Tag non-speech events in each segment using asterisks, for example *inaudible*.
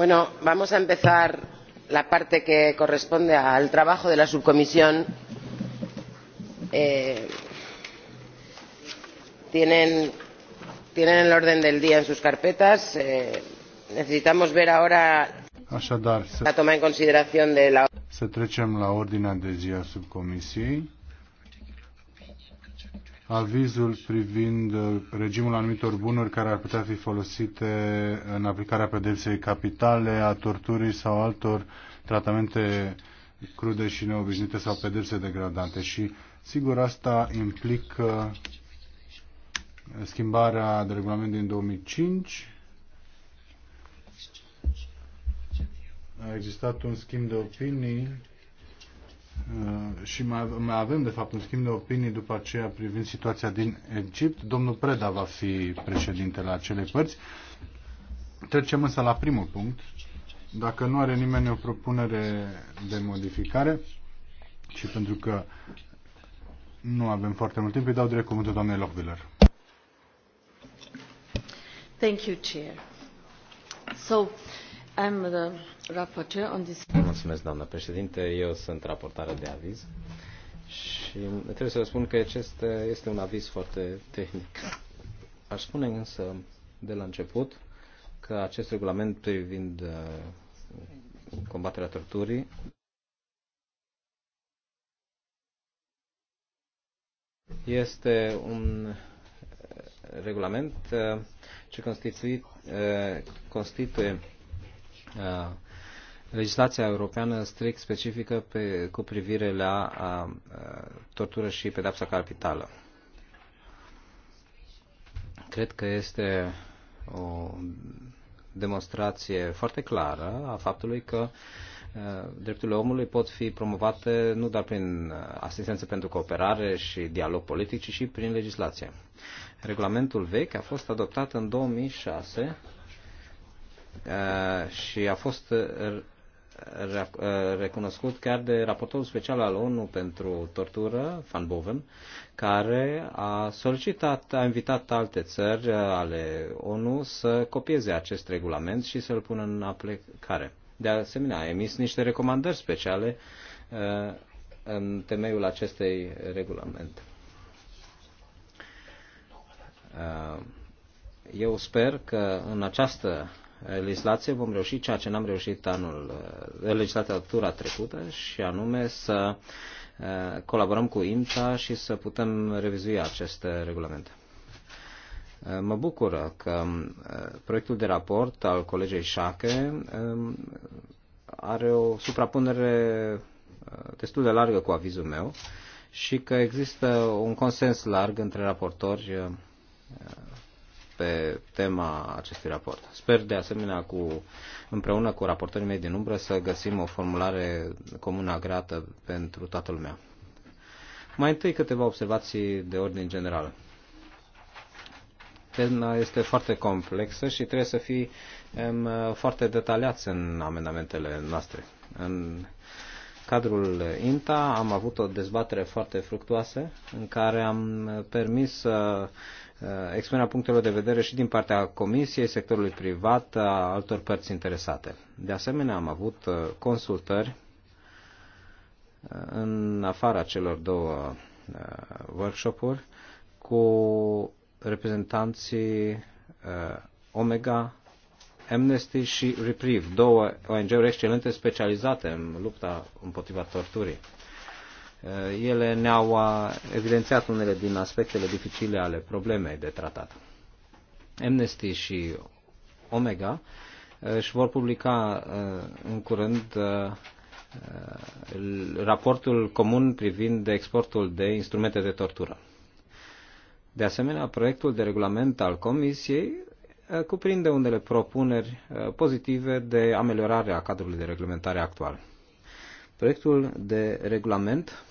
Bueno, vamos a empezar la parte que corresponde al trabajo de la subcomisión. Eh, tienen, el orden del día en sus carpetas. Eh, necesitamos ver ahora Așadar, la toma en consideración de la... Să trecem la ordinea de zi a subcomisiei avizul privind uh, regimul anumitor bunuri care ar putea fi folosite în aplicarea pedepsei capitale, a torturii sau altor tratamente crude și neobișnuite sau pedepse degradante. Și sigur asta implică schimbarea de regulament din 2005. A existat un schimb de opinii Uh, și mai, mai avem, de fapt, un schimb de opinii după aceea privind situația din Egipt. Domnul Preda va fi președinte la acele părți. Trecem însă la primul punct. Dacă nu are nimeni o propunere de modificare și pentru că nu avem foarte mult timp, îi dau direct cuvântul doamnei Lochbiller. Thank you, Chair. So, I'm the Mulțumesc, doamnă președinte. Eu sunt raportare de aviz și trebuie să spun că acest este un aviz foarte tehnic. Aș spune însă de la început că acest regulament privind uh, combaterea torturii este un uh, regulament uh, ce constituie, constituie legislația europeană strict specifică pe, cu privire la a, a, tortură și pedapsa capitală. Cred că este o demonstrație foarte clară a faptului că drepturile omului pot fi promovate nu doar prin asistență pentru cooperare și dialog politic, ci și prin legislație. Regulamentul vechi a fost adoptat în 2006 și a fost Uh, recunoscut chiar de raportorul special al ONU pentru tortură, Van Boven, care a solicitat, a invitat alte țări uh, ale ONU să copieze acest regulament și să-l pună în aplicare. De asemenea, a emis niște recomandări speciale uh, în temeiul acestei regulamente. Eu sper că în această legislație vom reuși ceea ce n-am reușit anul, eh, legislatura trecută și anume să eh, colaborăm cu IMTA și să putem revizui aceste regulamente. Eh, mă bucur că proiectul de raport al colegei Șache are o suprapunere destul de largă cu avizul meu și că există un consens larg între raportori pe tema acestui raport. Sper de asemenea cu, împreună cu raportorii mei din umbră să găsim o formulare comună agreată pentru toată lumea. Mai întâi câteva observații de ordin general. Tema este foarte complexă și trebuie să em, foarte detaliați în amendamentele noastre. În cadrul INTA am avut o dezbatere foarte fructuoasă în care am permis Uh, expunerea punctelor de vedere și din partea Comisiei, sectorului privat, a altor părți interesate. De asemenea, am avut uh, consultări uh, în afara celor două workshop-uri cu reprezentanții Omega, Amnesty și Reprieve, două ONG-uri excelente specializate în lupta împotriva torturii. Eh, ele ne-au evidențiat unele din aspectele dificile ale problemei de tratat. Amnesty și Omega eh, își vor publica eh, în curând raportul comun privind exportul de instrumente de tortură. De asemenea, proiectul de regulament al Comisiei cuprinde unele propuneri pozitive de ameliorare a cadrului de reglementare actual. Proiectul de regulament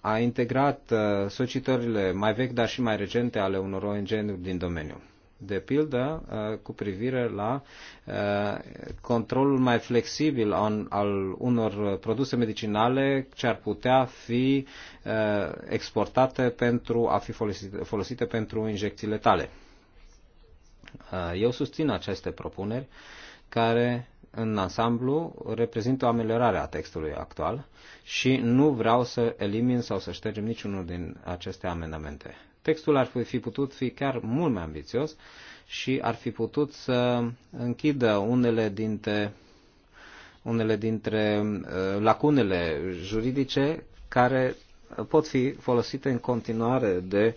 a integrat uh, solicitările mai vechi, dar și mai recente ale unor ONG-uri din domeniu. De pildă, uh, cu privire la uh, controlul mai flexibil al unor produse medicinale ce ar putea fi exportate pentru a fi folosite pentru injecții letale. Eu susțin aceste propuneri care în ansamblu reprezintă o ameliorare a textului actual și nu vreau să elimin sau să ștergem niciunul din aceste amendamente. Textul ar fi putut fi chiar mult mai ambițios și ar fi putut să închidă unele dintre, unele dintre uh, lacunele juridice care pot fi folosite în continuare de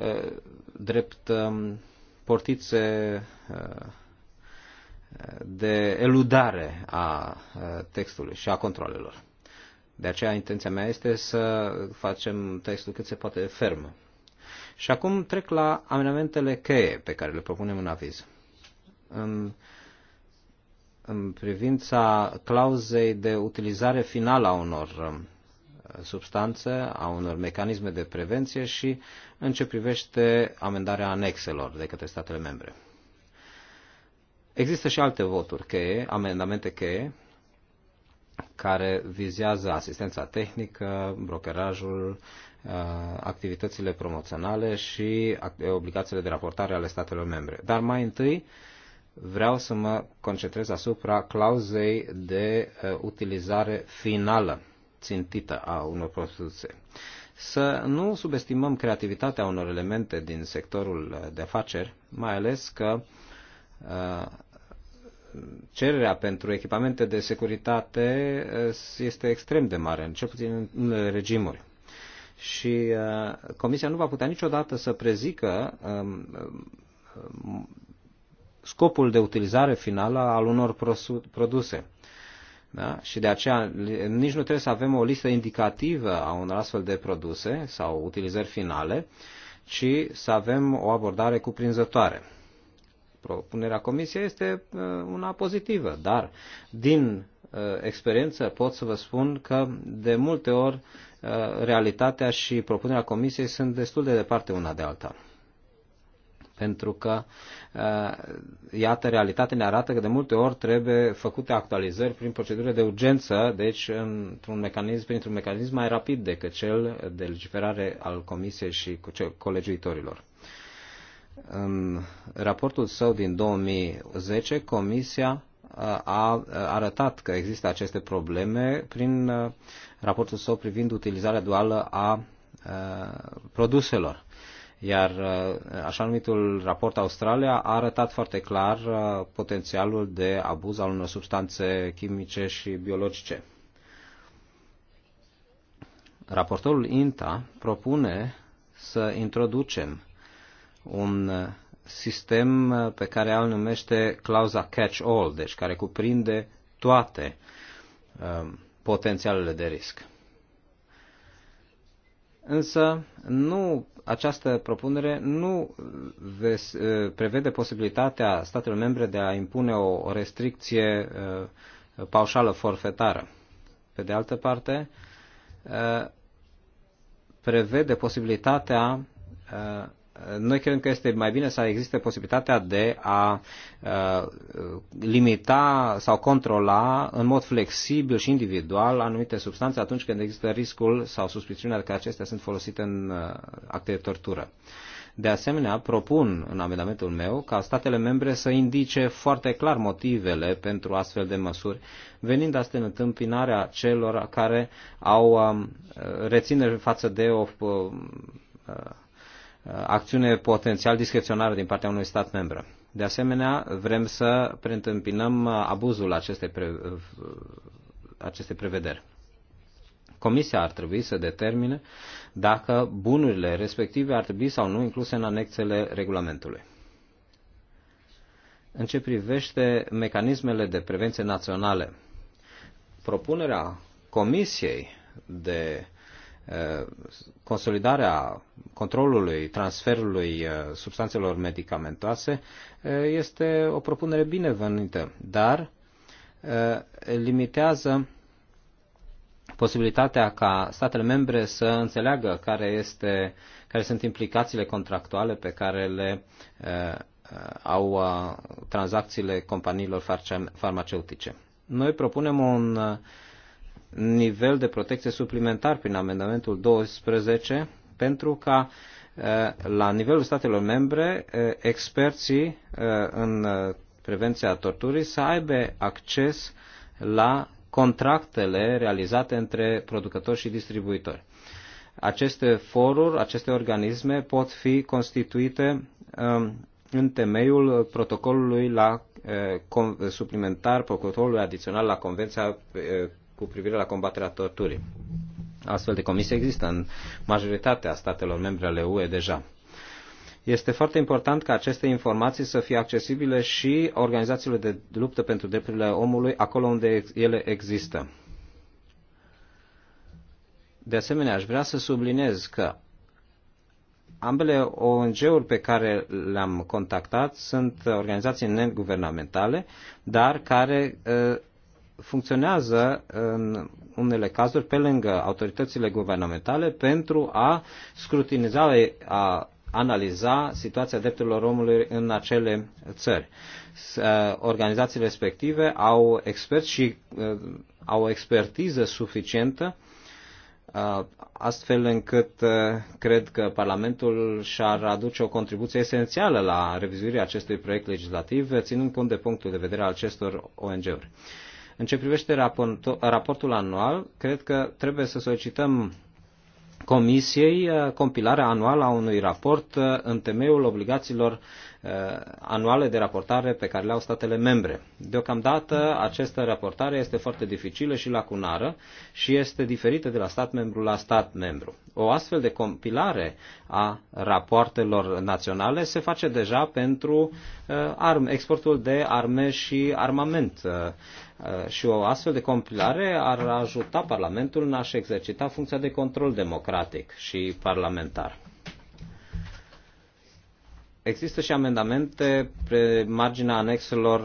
uh, drept um, portițe uh, de eludare a textului și a controlelor. De aceea intenția mea este să facem textul cât se poate ferm. Și acum trec la amendamentele cheie pe care le propunem în aviz. În, în privința clauzei de utilizare finală a unor um, substanțe, a unor mecanisme de prevenție și în ce privește amendarea anexelor de către statele membre. Există și alte voturi cheie, amendamente cheie, care vizează asistența tehnică, brokerajul, uh, activitățile promoționale și obligațiile de raportare ale statelor membre. Dar mai întâi vreau să mă concentrez asupra clauzei de uh, utilizare finală țintită a unor produse. Să nu subestimăm creativitatea unor elemente din sectorul uh, de afaceri, mai ales că cererea pentru echipamente de securitate eh, este extrem de mare, în cel puțin în regimuri. Și eh, Comisia nu va putea niciodată să prezică ehm, ehm, scopul de utilizare finală al unor produse. Da? Și de aceea nici nu trebuie să avem o listă indicativă a unor astfel de produse sau utilizări finale, ci să avem o abordare cuprinzătoare. Propunerea comisiei este uh, una pozitivă, dar din uh, experiență pot să vă spun că de multe ori uh, realitatea și propunerea comisiei sunt destul de departe una de alta pentru că, iată, realitatea ne arată că de multe ori trebuie făcute actualizări prin procedură de urgență, deci într-un mecanism, printr-un mecanism mai rapid decât cel de legiferare al Comisiei și colegiuitorilor. În raportul său din 2010, Comisia uh, uh, a arătat că există aceste probleme prin uh, raportul său privind utilizarea duală a produselor. Iar așa numitul raport Australia a arătat foarte clar potențialul de abuz al unor substanțe chimice și biologice. Raportorul INTA propune să introducem un uh, sistem uh, pe care al numește clauza catch-all, deci care cuprinde toate uh, potențialele de risc. Însă nu, această propunere nu ves, prevede posibilitatea statelor membre de a impune o, restricție paușală forfetară. Pe de altă parte, prevede posibilitatea noi credem că este mai bine să existe posibilitatea de a uh, limita sau controla în mod flexibil și individual anumite substanțe atunci când există riscul sau suspiciunea că acestea sunt folosite în uh, acte de tortură. De asemenea, propun în amendamentul meu ca statele membre să indice foarte clar motivele pentru astfel de măsuri, venind astfel în întâmpinarea celor care au um, rețineri față de o uh, Uh, acțiune potențial discreționară din partea unui stat membru. De asemenea, vrem să preîntâmpinăm abuzul acestei, pre, uh, acestei prevederi. Comisia ar trebui să determine dacă bunurile respective ar trebui sau nu incluse în anexele regulamentului. În ce privește mecanismele de prevenție naționale, propunerea Comisiei de consolidarea controlului transferului uh, substanțelor medicamentoase uh, este o propunere binevenită, dar uh, limitează posibilitatea ca statele membre să înțeleagă care, este, care sunt implicațiile contractuale pe care le au tranzacțiile companiilor farmaceutice. Noi propunem un nivel de protecție suplimentar prin amendamentul 12 pentru ca la nivelul statelor membre experții în prevenția torturii să aibă acces la contractele realizate între producători și distribuitori. Aceste foruri, aceste organisme pot fi constituite în temeiul protocolului la, suplimentar, protocolului adițional la Convenția cu privire la combaterea torturii. Astfel de comisii există în majoritatea statelor membre ale UE deja. Este foarte important ca aceste informații să fie accesibile și organizațiilor de luptă pentru drepturile omului acolo unde ele există. De asemenea, aș vrea să subliniez că ambele ONG-uri pe care le-am contactat sunt organizații neguvernamentale, dar care ă, funcționează în unele cazuri pe lângă autoritățile guvernamentale pentru a scrutiniza, a analiza situația drepturilor omului în acele țări. Uh, organizațiile respective au experți și uh, au o expertiză suficientă uh, astfel încât cred că Parlamentul și-ar aduce o contribuție esențială la revizuirea acestui proiect legislativ, ținând cont de punctul de vedere al acestor ONG-uri. În ce privește raportul, raportul anual, cred că trebuie să solicităm Comisiei uh, compilarea anuală a unui raport uh, în temeiul obligațiilor uh, anuale de raportare pe care le au statele membre. Deocamdată această raportare este foarte dificilă și lacunară și este diferită de la stat membru la stat membru. O astfel de compilare a rapoartelor naționale se face deja pentru exportul de arme și armament Uh, și o astfel de compilare ar ajuta Parlamentul în a-și exercita funcția de control democratic și parlamentar. Există și amendamente pe marginea anexelor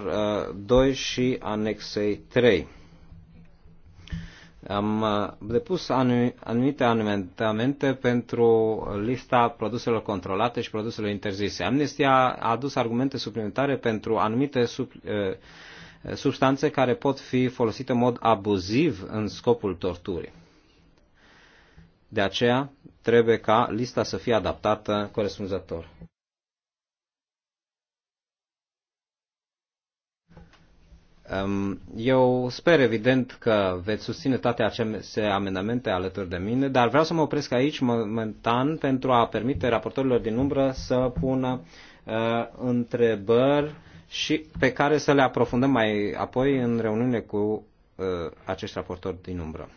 2 uh, și anexei 3. Am uh, depus anumite amendamente pentru lista produselor controlate și produselor interzise. Amnestia a adus argumente suplimentare pentru anumite substanțe care pot fi folosite în mod abuziv în scopul torturii. De aceea trebuie ca lista să fie adaptată corespunzător. Eu sper evident că veți susține toate aceste amendamente alături de mine, dar vreau să mă opresc aici momentan pentru a permite raportorilor din umbră să pună uh, întrebări și pe care să le aprofundăm mai apoi în reuniune cu uh, acești raportori din umbră.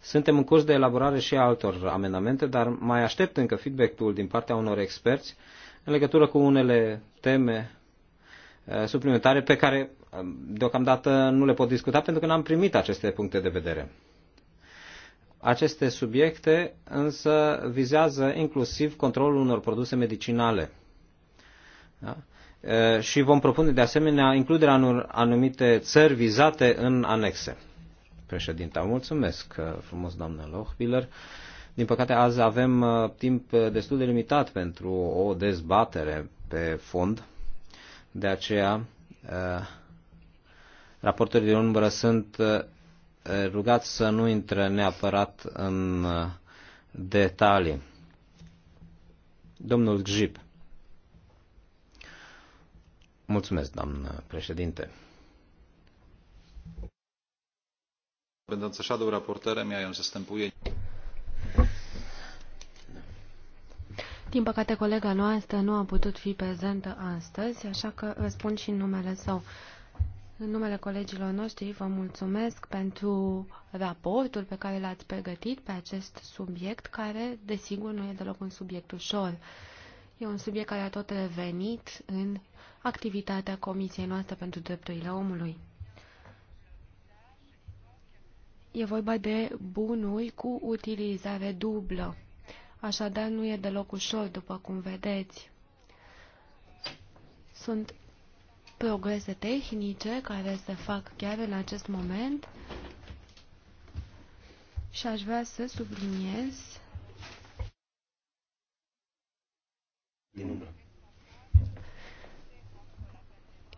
Suntem în curs de elaborare și altor amendamente, dar mai aștept încă feedback-ul din partea unor experți în legătură cu unele teme uh, suplimentare pe care uh, deocamdată nu le pot discuta pentru că n-am primit aceste puncte de vedere. Aceste subiecte însă vizează inclusiv controlul unor produse medicinale. Da? Eh, și vom propune de asemenea includerea anur, anumite țări vizate în anexe. Președinte, mulțumesc eh, frumos, doamnă Lochbiller. Din păcate, azi avem eh, timp destul de limitat pentru o dezbatere pe fond. De aceea, raportorii de umbră sunt rugați să nu intre neapărat în detalii. Domnul Gjip. Mulțumesc, doamnă președinte. Będący shadow raporterem, ja ją zastępuję. Din păcate, colega noastră nu a putut fi prezentă astăzi, așa că răspund și în numele său. În numele colegilor noștri vă mulțumesc pentru raportul pe care l-ați pregătit pe acest subiect, care, desigur, nu e deloc un subiect ușor. E un subiect care a tot revenit în activitatea Comisiei noastre pentru drepturile omului. E vorba de bunuri cu utilizare dublă. Așadar, nu e deloc ușor, după cum vedeți. Sunt progrese tehnice care se fac chiar în acest moment și aș vrea să subliniez din umbră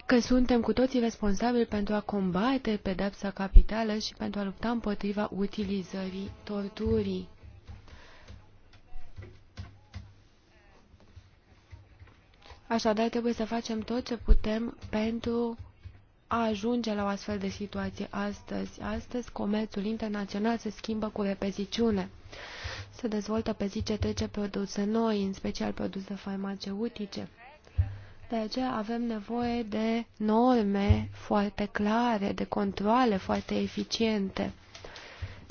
că suntem cu toții responsabili pentru a combate pedepsa capitală și pentru a lupta împotriva utilizării torturii. Așadar, trebuie să facem tot ce putem pentru a ajunge la o astfel de situație astăzi. Astăzi, comerțul internațional se schimbă cu repeziciune. Se dezvoltă pe zi ce trece produse noi, în special produse farmaceutice. De aceea avem nevoie de norme foarte clare, de controle foarte eficiente,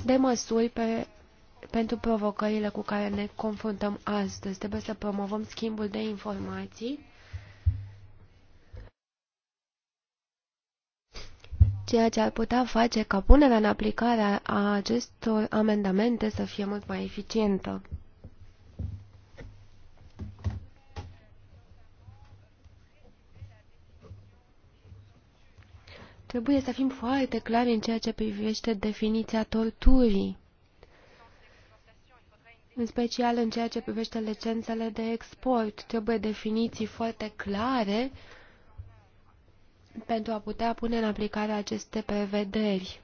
de măsuri pe, pentru provocările cu care ne confruntăm astăzi. Trebuie să promovăm schimbul de informații, ceea ce ar putea face ca punerea în aplicare a acestor amendamente să fie mult mai eficientă. Trebuie să fim foarte clari în ceea ce privește definiția torturii, în special în ceea ce privește licențele de export. Trebuie definiții foarte clare pentru a putea pune în aplicare aceste prevederi.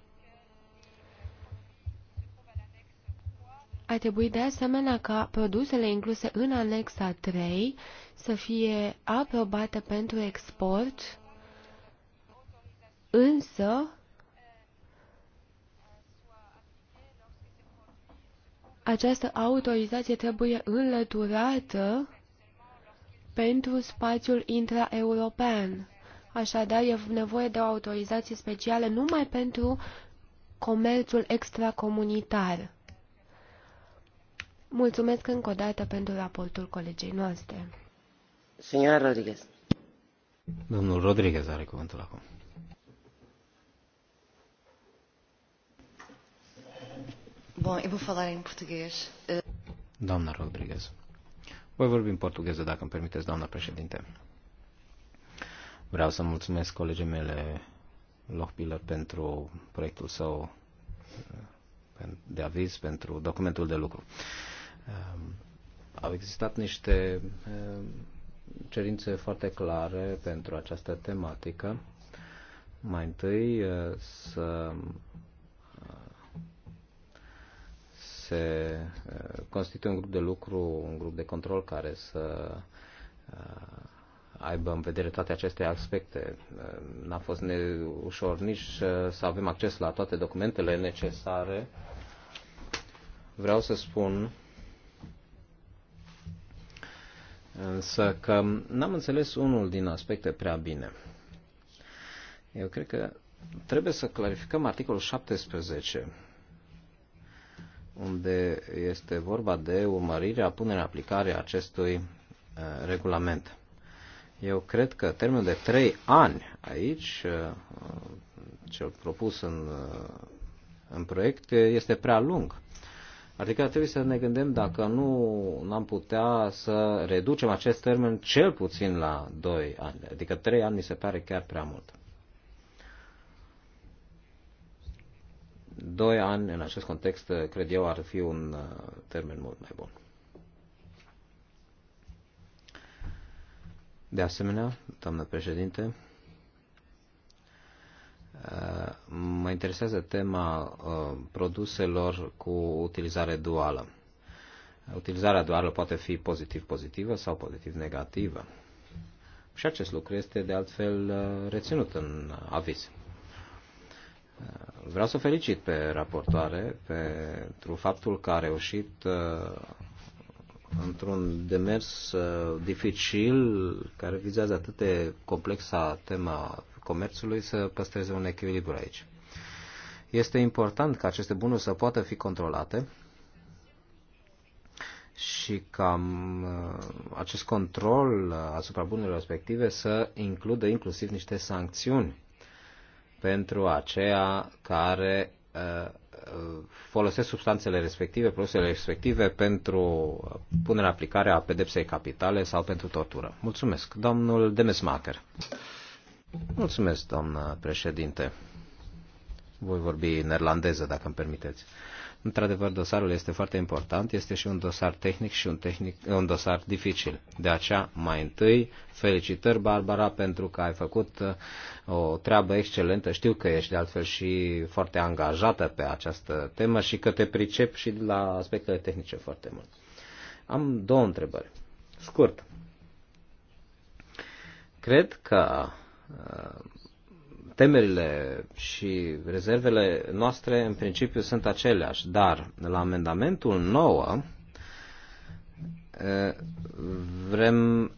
Ar trebui de asemenea ca produsele incluse în anexa 3 să fie aprobate pentru export însă această autorizație trebuie înlăturată pentru spațiul intraeuropean. Așadar, e nevoie de o autorizație specială numai pentru comerțul extracomunitar. Mulțumesc încă o dată pentru raportul colegei noastre. Rodriguez. Domnul Rodriguez are cuvântul acum. Bom, eu vou falar em português. Doamna Rodrigues, Voi vorbi în portugheză, dacă îmi permiteți, doamna președinte. Vreau să mulțumesc colegii mele Lochbiller pentru proiectul său eh, de aviz, pentru documentul de lucru. Eh, au existat niște eh, cerințe foarte clare pentru această tematică. Mai întâi să se uh, constituie un grup de lucru, un grup de control care să uh, aibă în vedere toate aceste aspecte. Uh, n-a fost ne ușor nici să avem acces la toate documentele necesare. Vreau să spun însă că n-am înțeles unul din aspecte prea bine. Eu cred că trebuie să clarificăm articolul 17 unde este vorba de urmărirea, punerea în aplicare acestui uh, regulament. Eu cred că termenul de trei ani aici, uh, cel propus în, uh, în proiect, este prea lung. Adică trebuie să ne gândim dacă nu am putea să reducem acest termen cel puțin la 2 ani. Adică 3 ani mi se pare chiar prea mult. doi ani, în acest context, cred eu, ar fi un uh, termen mult mai bun. De asemenea, doamnă președinte, uh, mă interesează tema uh, produselor cu utilizare duală. Utilizarea duală poate fi pozitiv-pozitivă sau pozitiv-negativă. Și acest lucru este de altfel reținut în aviz. Vreau să o felicit pe raportoare pentru faptul că a reușit uh, într-un demers uh, dificil care vizează atât de complexa tema comerțului să păstreze un echilibru aici. Este important ca aceste bunuri să poată fi controlate și ca uh, acest control asupra bunurilor respective să includă inclusiv niște sancțiuni pentru aceia care uh, folosesc substanțele respective, produsele respective pentru punerea aplicare a pedepsei capitale sau pentru tortură. Mulțumesc, domnul Demesmacher. Mulțumesc, doamnă președinte voi vorbi neerlandeză, dacă îmi permiteți. Într-adevăr, dosarul este foarte important, este și un dosar tehnic și un, tehnic, un dosar dificil. De aceea, mai întâi, felicitări, Barbara, pentru că ai făcut uh, o treabă excelentă. Știu că ești de altfel și foarte angajată pe această temă și că te pricep și la aspectele tehnice foarte mult. Am două întrebări. Scurt. Cred că uh, temerile și rezervele noastre în principiu sunt aceleași, dar la amendamentul 9 eh, vrem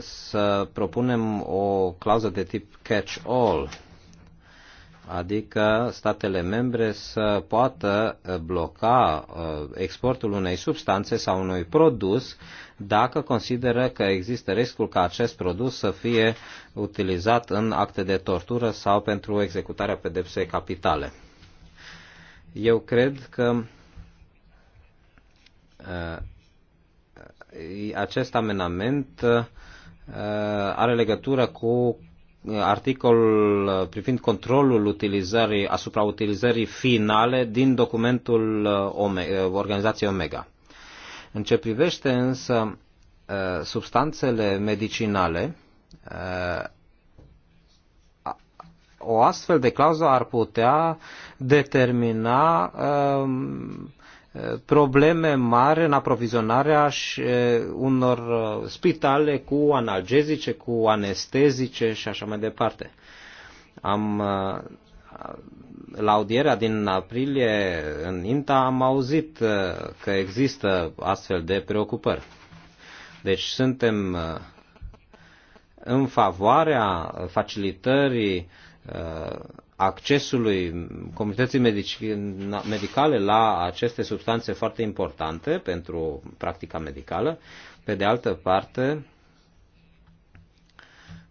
să propunem o clauză de tip catch-all adică statele membre să poată eh, bloca eh, exportul unei substanțe sau unui produs dacă consideră că există riscul ca acest produs să fie utilizat în acte de tortură sau pentru executarea pedepsei capitale. Eu cred că eh, acest amenament are legătură cu articol uh, privind controlul utilizării, asupra utilizării finale din documentul uh, Omega, uh, Organizației Omega. În ce privește însă substanțele medicinale, o astfel de clauză ar putea determina probleme mari în aprovizionarea și, unor spitale cu analgezice, cu anestezice și așa mai departe. Am, la audierea din aprilie în INTA am auzit că există astfel de preocupări. Deci suntem în favoarea facilitării accesului comunității medicale la aceste substanțe foarte importante pentru practica medicală. Pe de altă parte,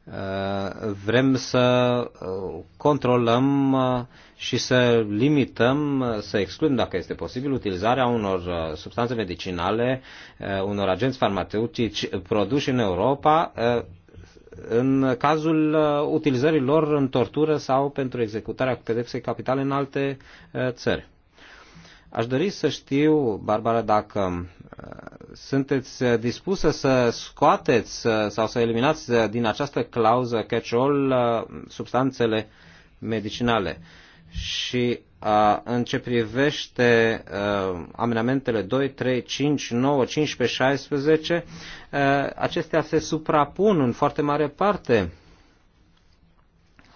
uh, vrem să uh, controlăm uh, și să limităm, să excludem, dacă este posibil, utilizarea unor substanțe medicinale, unor agenți farmaceutici produși în Europa în cazul uh, utilizării lor în tortură sau pentru executarea cu pedepse capitale în alte uh, țări. Aș dori să știu, Barbara, dacă uh, sunteți dispusă să scoateți sau să eliminați din această clauză catch-all substanțele medicinale. Uh, și a, în ce privește uh, amendamentele 2, 3, 5, 9, 15, 16, uh, acestea se suprapun în foarte mare parte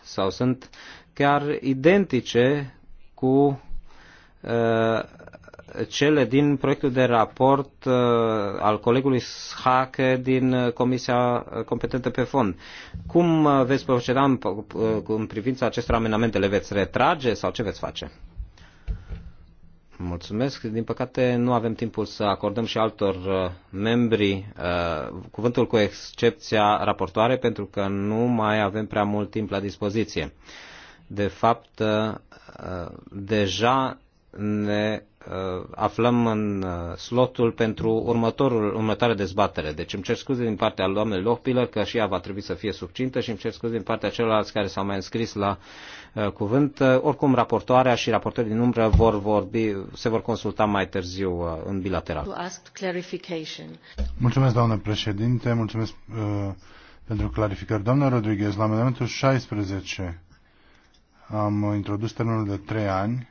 sau sunt chiar identice cu uh, cele din proiectul de raport uh, al colegului Schake din Comisia Competentă pe Fond. Cum uh, veți proceda în, uh, în privința acestor amendamente? Le veți retrage sau ce veți face? Mulțumesc. Din păcate nu avem timpul să acordăm și altor membri cuvântul cu excepția raportoare pentru că nu mai avem prea mult timp la dispoziție. De fapt, deja ne Uh, aflăm în uh, slotul pentru următorul, următoarea dezbatere. Deci îmi cer scuze din partea doamnei Lohpilă că și ea va trebui să fie subcintă și îmi cer scuze din partea celorlalți care s-au mai înscris la uh, cuvânt. Uh, oricum, raportoarea și raportorii din umbră vor vorbi, se vor consulta mai târziu uh, în bilateral. Mulțumesc, doamnă președinte, mulțumesc uh, pentru clarificări. Doamna Rodriguez, la amendamentul 16 am introdus termenul de 3 ani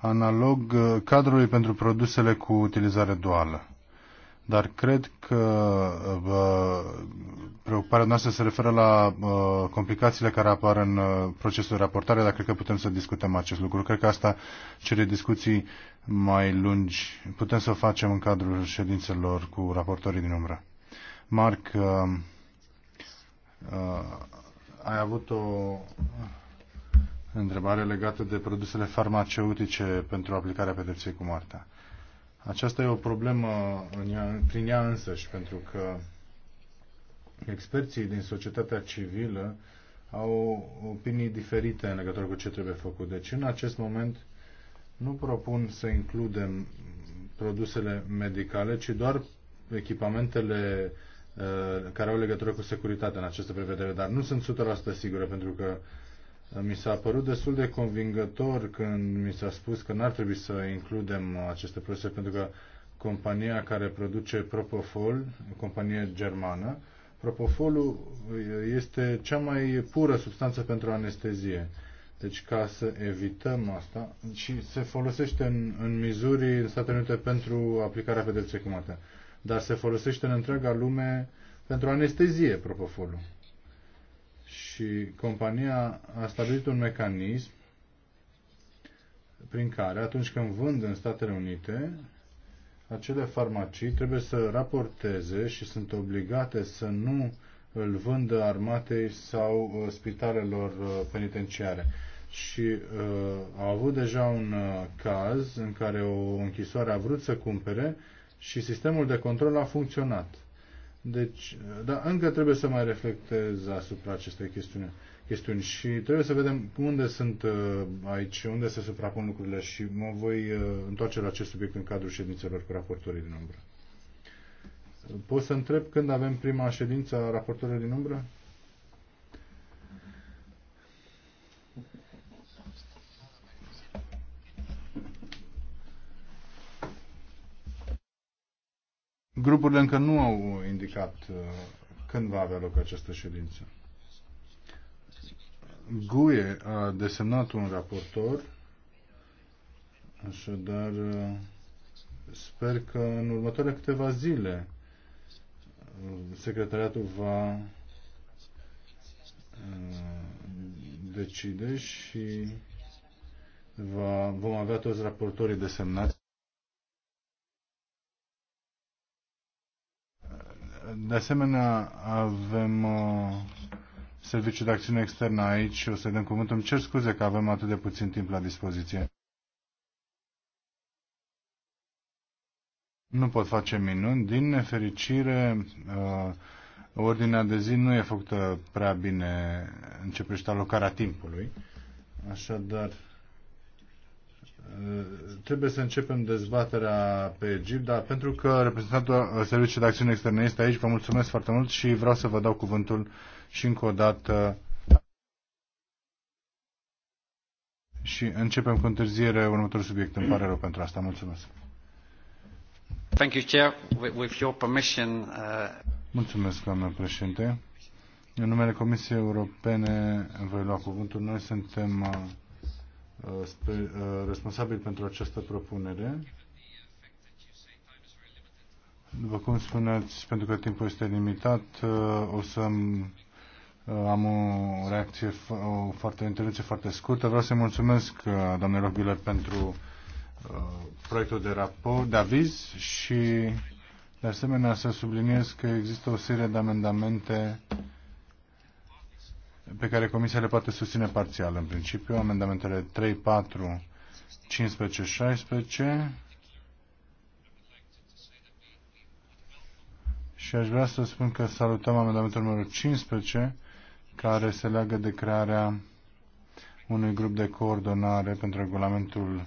analog uh, cadrului pentru produsele cu utilizare duală. Dar cred că uh, preocuparea noastră se referă la uh, complicațiile care apar în procesul de raportare, dar cred că putem să discutăm acest lucru. Cred că asta cere discuții mai lungi. Putem să o facem în cadrul ședințelor cu raportorii din umbră. Marc, ai avut o întrebare legată de produsele farmaceutice pentru aplicarea pedepsei cu moartea. Aceasta e o problemă în ea, prin ea însăși, pentru că experții din societatea civilă au opinii diferite în legătură cu ce trebuie făcut. Deci, în acest moment, nu propun să includem produsele medicale, ci doar echipamentele uh, care au legătură cu securitatea în această prevedere, dar nu sunt 100% sigură pentru că mi s-a părut destul de convingător când mi s-a spus că n-ar trebui să includem aceste produse pentru că compania care produce Propofol, o companie germană, Propofolul este cea mai pură substanță pentru anestezie. Deci ca să evităm asta și se folosește în, în Missouri, în Statele Unite, pentru aplicarea pedepsei cu Dar se folosește în întreaga lume pentru anestezie propofolul și compania a stabilit un mecanism prin care atunci când vând în Statele Unite, acele farmacii trebuie să raporteze și sunt obligate să nu îl vândă armatei sau uh, spitalelor uh, penitenciare. Și uh, au avut deja un uh, caz în care o închisoare a vrut să cumpere și sistemul de control a funcționat. Deci, da, încă trebuie să mai reflectez asupra acestei chestiuni, chestiuni și trebuie să vedem unde sunt uh, aici, unde se suprapun lucrurile și mă voi uh, întoarce la acest subiect în cadrul ședințelor cu raportorii din umbră. Pot să întreb când avem prima ședință a raportorilor din umbră? Grupurile încă nu au indicat uh, când va avea loc această ședință. GUE a desemnat un raportor, așadar uh, sper că în următoarele câteva zile uh, secretariatul va decide și va, vom avea toți raportorii desemnați. De asemenea, avem uh, Serviciul de Acțiune Externă aici. O să dăm cuvântul. Îmi cer scuze că avem atât de puțin timp la dispoziție. Nu pot face minuni. Din nefericire, uh, ordinea de zi nu e făcută prea bine în ce privește alocarea timpului. Așadar, trebuie să începem dezbaterea pe Egipt, dar pentru că reprezentantul Serviciului de Acțiune Externe este aici, vă mulțumesc foarte mult și vreau să vă dau cuvântul și încă o dată. Și începem cu întârziere următorul subiect. Îmi pare rău pentru asta. Mulțumesc. Thank you, Chair. With your permission, uh... Mulțumesc, doamnă președinte. În numele Comisiei Europene voi lua cuvântul. Noi suntem uh, Uh, spre, uh, responsabil pentru această propunere. După cum spuneți, pentru că timpul este limitat, uh, o să am o reacție, o, foarte, o intervenție foarte scurtă. Vreau să-i mulțumesc, doamnelor Biller, pentru proiectul de raport, de aviz și, de asemenea, să subliniez că există o serie de amendamente uh, pe care Comisia le poate susține parțial în principiu, amendamentele 3, 4, 15, 16 și aș vrea să spun că salutăm amendamentul numărul 15 care se leagă de crearea unui grup de coordonare pentru regulamentul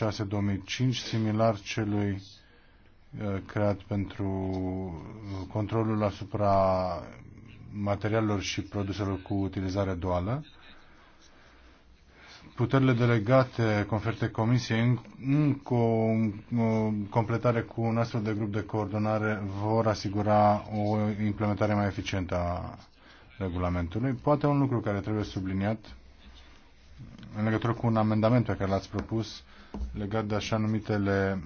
1236-2005, similar celui uh, creat pentru uh, controlul asupra materialelor și produselor cu utilizare duală. Puterile delegate conferite Comisiei în, în cu completare cu un astfel de grup de coordonare vor asigura o implementare mai eficientă a regulamentului. Poate un lucru care trebuie subliniat în legătură cu un amendament pe care l-ați propus legat de așa numitele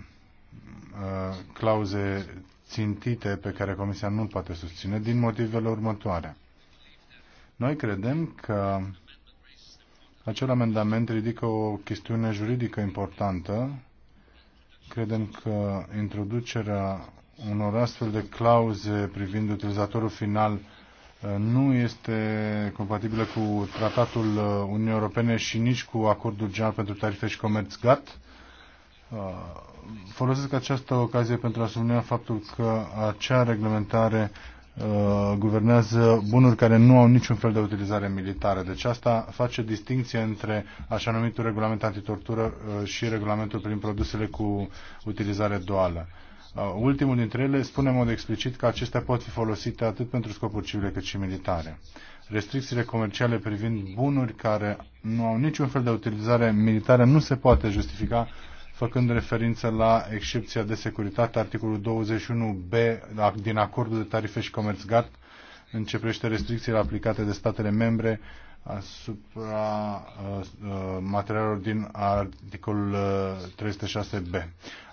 uh, clauze țintite pe care Comisia nu poate susține din motivele următoare. Noi credem că acel amendament ridică o chestiune juridică importantă. Credem că introducerea unor astfel de clauze privind utilizatorul final uh, nu este compatibilă cu Tratatul uh, Uniunii Europene și nici cu Acordul General pentru Tarife și Comerț GATT. Uh, folosesc această ocazie pentru a sublinia faptul că acea reglementare uh, guvernează bunuri care nu au niciun fel de utilizare militară. Deci asta face distinție între așa numitul regulament antitortură uh, și regulamentul prin produsele cu utilizare duală. Uh, ultimul dintre ele spune în mod explicit că acestea pot fi folosite atât pentru scopuri civile cât și militare. Restricțiile comerciale privind bunuri care nu au niciun fel de utilizare militară nu se poate justifica făcând referință la excepția de securitate, articolul 21b din acordul de tarife și comerț GATT începește restricțiile aplicate de statele membre asupra uh, uh materialelor din articolul 306b. Uh,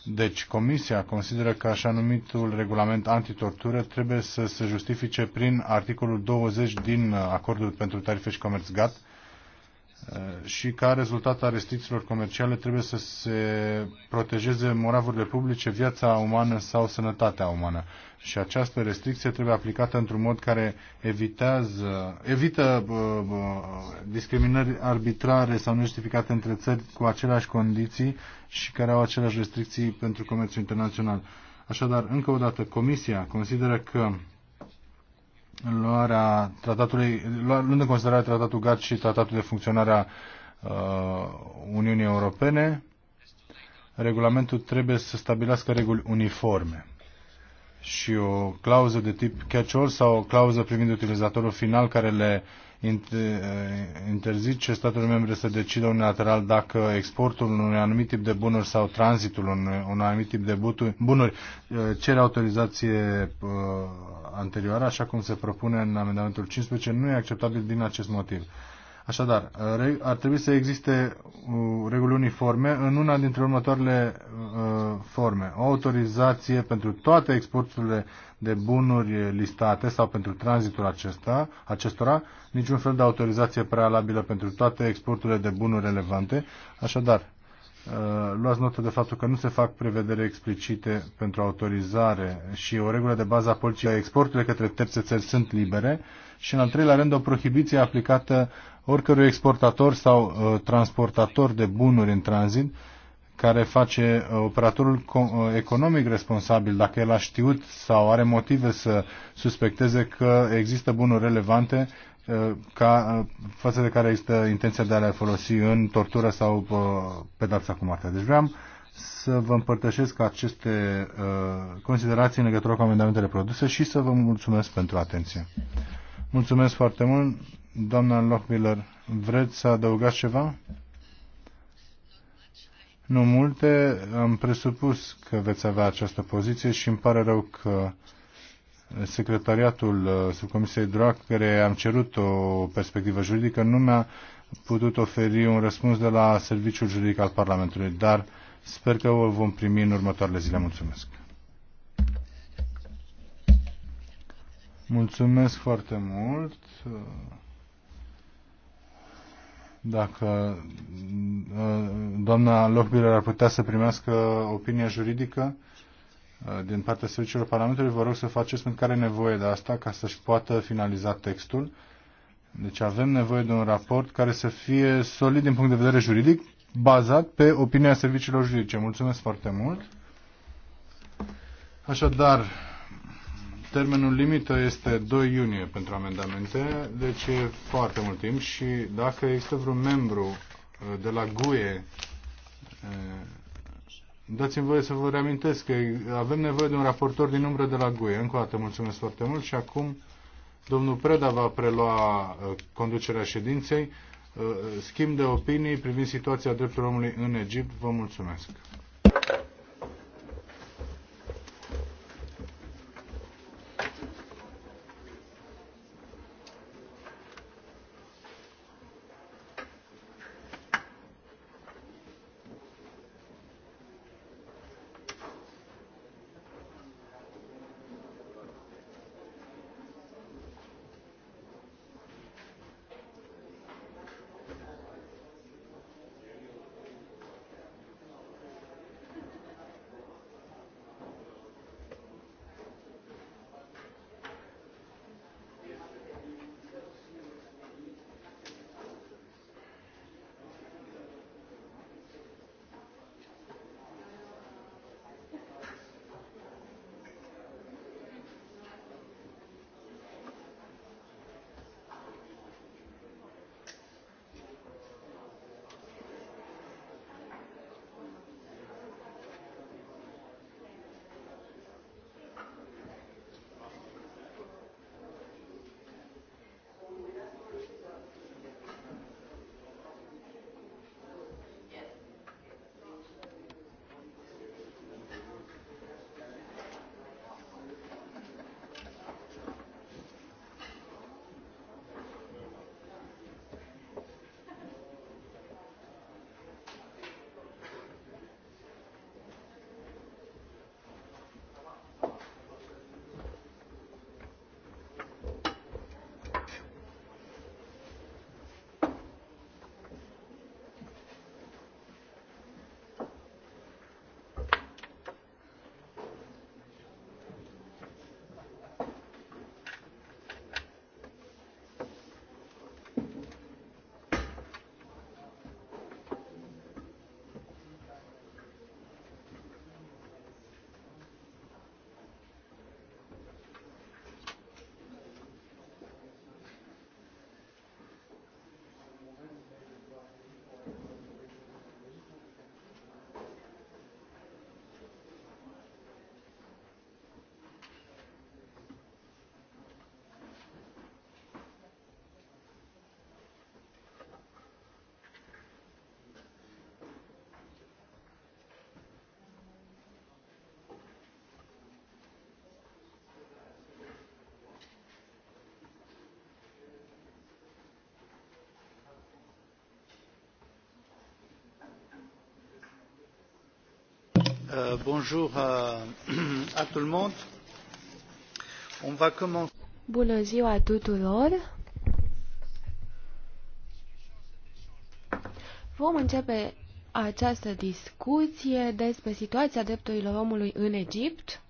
deci, Comisia consideră că așa numitul regulament antitortură trebuie să se justifice prin articolul 20 din uh, acordul pentru tarife și comerț GATT, Uh, și ca rezultat a restricțiilor comerciale trebuie să se protejeze moravurile publice, viața umană sau sănătatea umană. Și această restricție trebuie aplicată într-un mod care evitează, evită uh, uh discriminări arbitrare sau nejustificate între țări cu aceleași condiții și care au aceleași restricții pentru comerțul internațional. Așadar, încă o dată, Comisia consideră că luarea tratatului, luând în considerare tratatul GATT și tratatul de funcționare a uh, Uniunii Europene, regulamentul trebuie să stabilească reguli uniforme și o clauză de tip catch-all sau o clauză privind utilizatorul final care le uh, interzice statelor membre să decidă unilateral dacă exportul unui anumit tip de bunuri sau tranzitul unui, unui anumit tip de bunuri uh, cere autorizație uh, anterioară, așa cum se propune în amendamentul 15, nu e acceptabil din acest motiv. Așadar, ar trebui să existe uh, reguli uniforme în una dintre următoarele uh, forme. O autorizație pentru toate exporturile de bunuri listate sau pentru tranzitul acesta, acestora, niciun fel de autorizație prealabilă pentru toate exporturile de bunuri relevante. Așadar, Uh, luați notă de faptul că nu se fac prevedere explicite pentru autorizare și o regulă de bază a poliției a exporturile către terțe țări sunt libere și în al treilea rând o prohibiție aplicată oricărui exportator sau uh, transportator de bunuri în tranzit care face uh, operatorul uh, economic responsabil dacă el a știut sau are motive să suspecteze că există bunuri relevante Eh, ca, eh, față de care există intenția de a le folosi în tortură sau eh, pedapsa cu moartea. Deci vreau să vă împărtășesc aceste uh, considerații în legătură cu amendamentele produse și să vă mulțumesc pentru atenție. Mulțumesc foarte mult. Doamna Lochmiller, vreți să adăugați ceva? Nu multe. Am presupus că veți avea această poziție și îmi pare rău că uh, secretariatul uh, subcomisiei DRAC, care am cerut o perspectivă juridică, nu mi-a putut oferi un răspuns de la Serviciul Juridic al Parlamentului, dar sper că o vom primi în următoarele zile. Mulțumesc! Mulțumesc foarte mult! Dacă uh, doamna Lochbiller ar putea să primească opinia juridică, Uh, din partea serviciilor Parlamentului, vă rog să faceți pentru care nevoie de asta ca să-și poată finaliza textul. Deci avem nevoie de un raport care să fie solid din punct de vedere juridic, bazat pe opinia serviciilor juridice. Mulțumesc foarte mult. Așadar, termenul limită este 2 iunie pentru amendamente, deci e foarte mult timp și dacă există vreun membru uh, de la GUE uh, Dați-mi voie să vă reamintesc că avem nevoie de un raportor din umbră de la Guie. Încă o dată mulțumesc foarte mult și acum domnul Preda va prelua uh, conducerea ședinței. Uh, schimb de opinii privind situația drepturilor omului în Egipt. Vă mulțumesc. Bună ziua tuturor. Vom începe această discuție despre situația drepturilor omului în Egipt.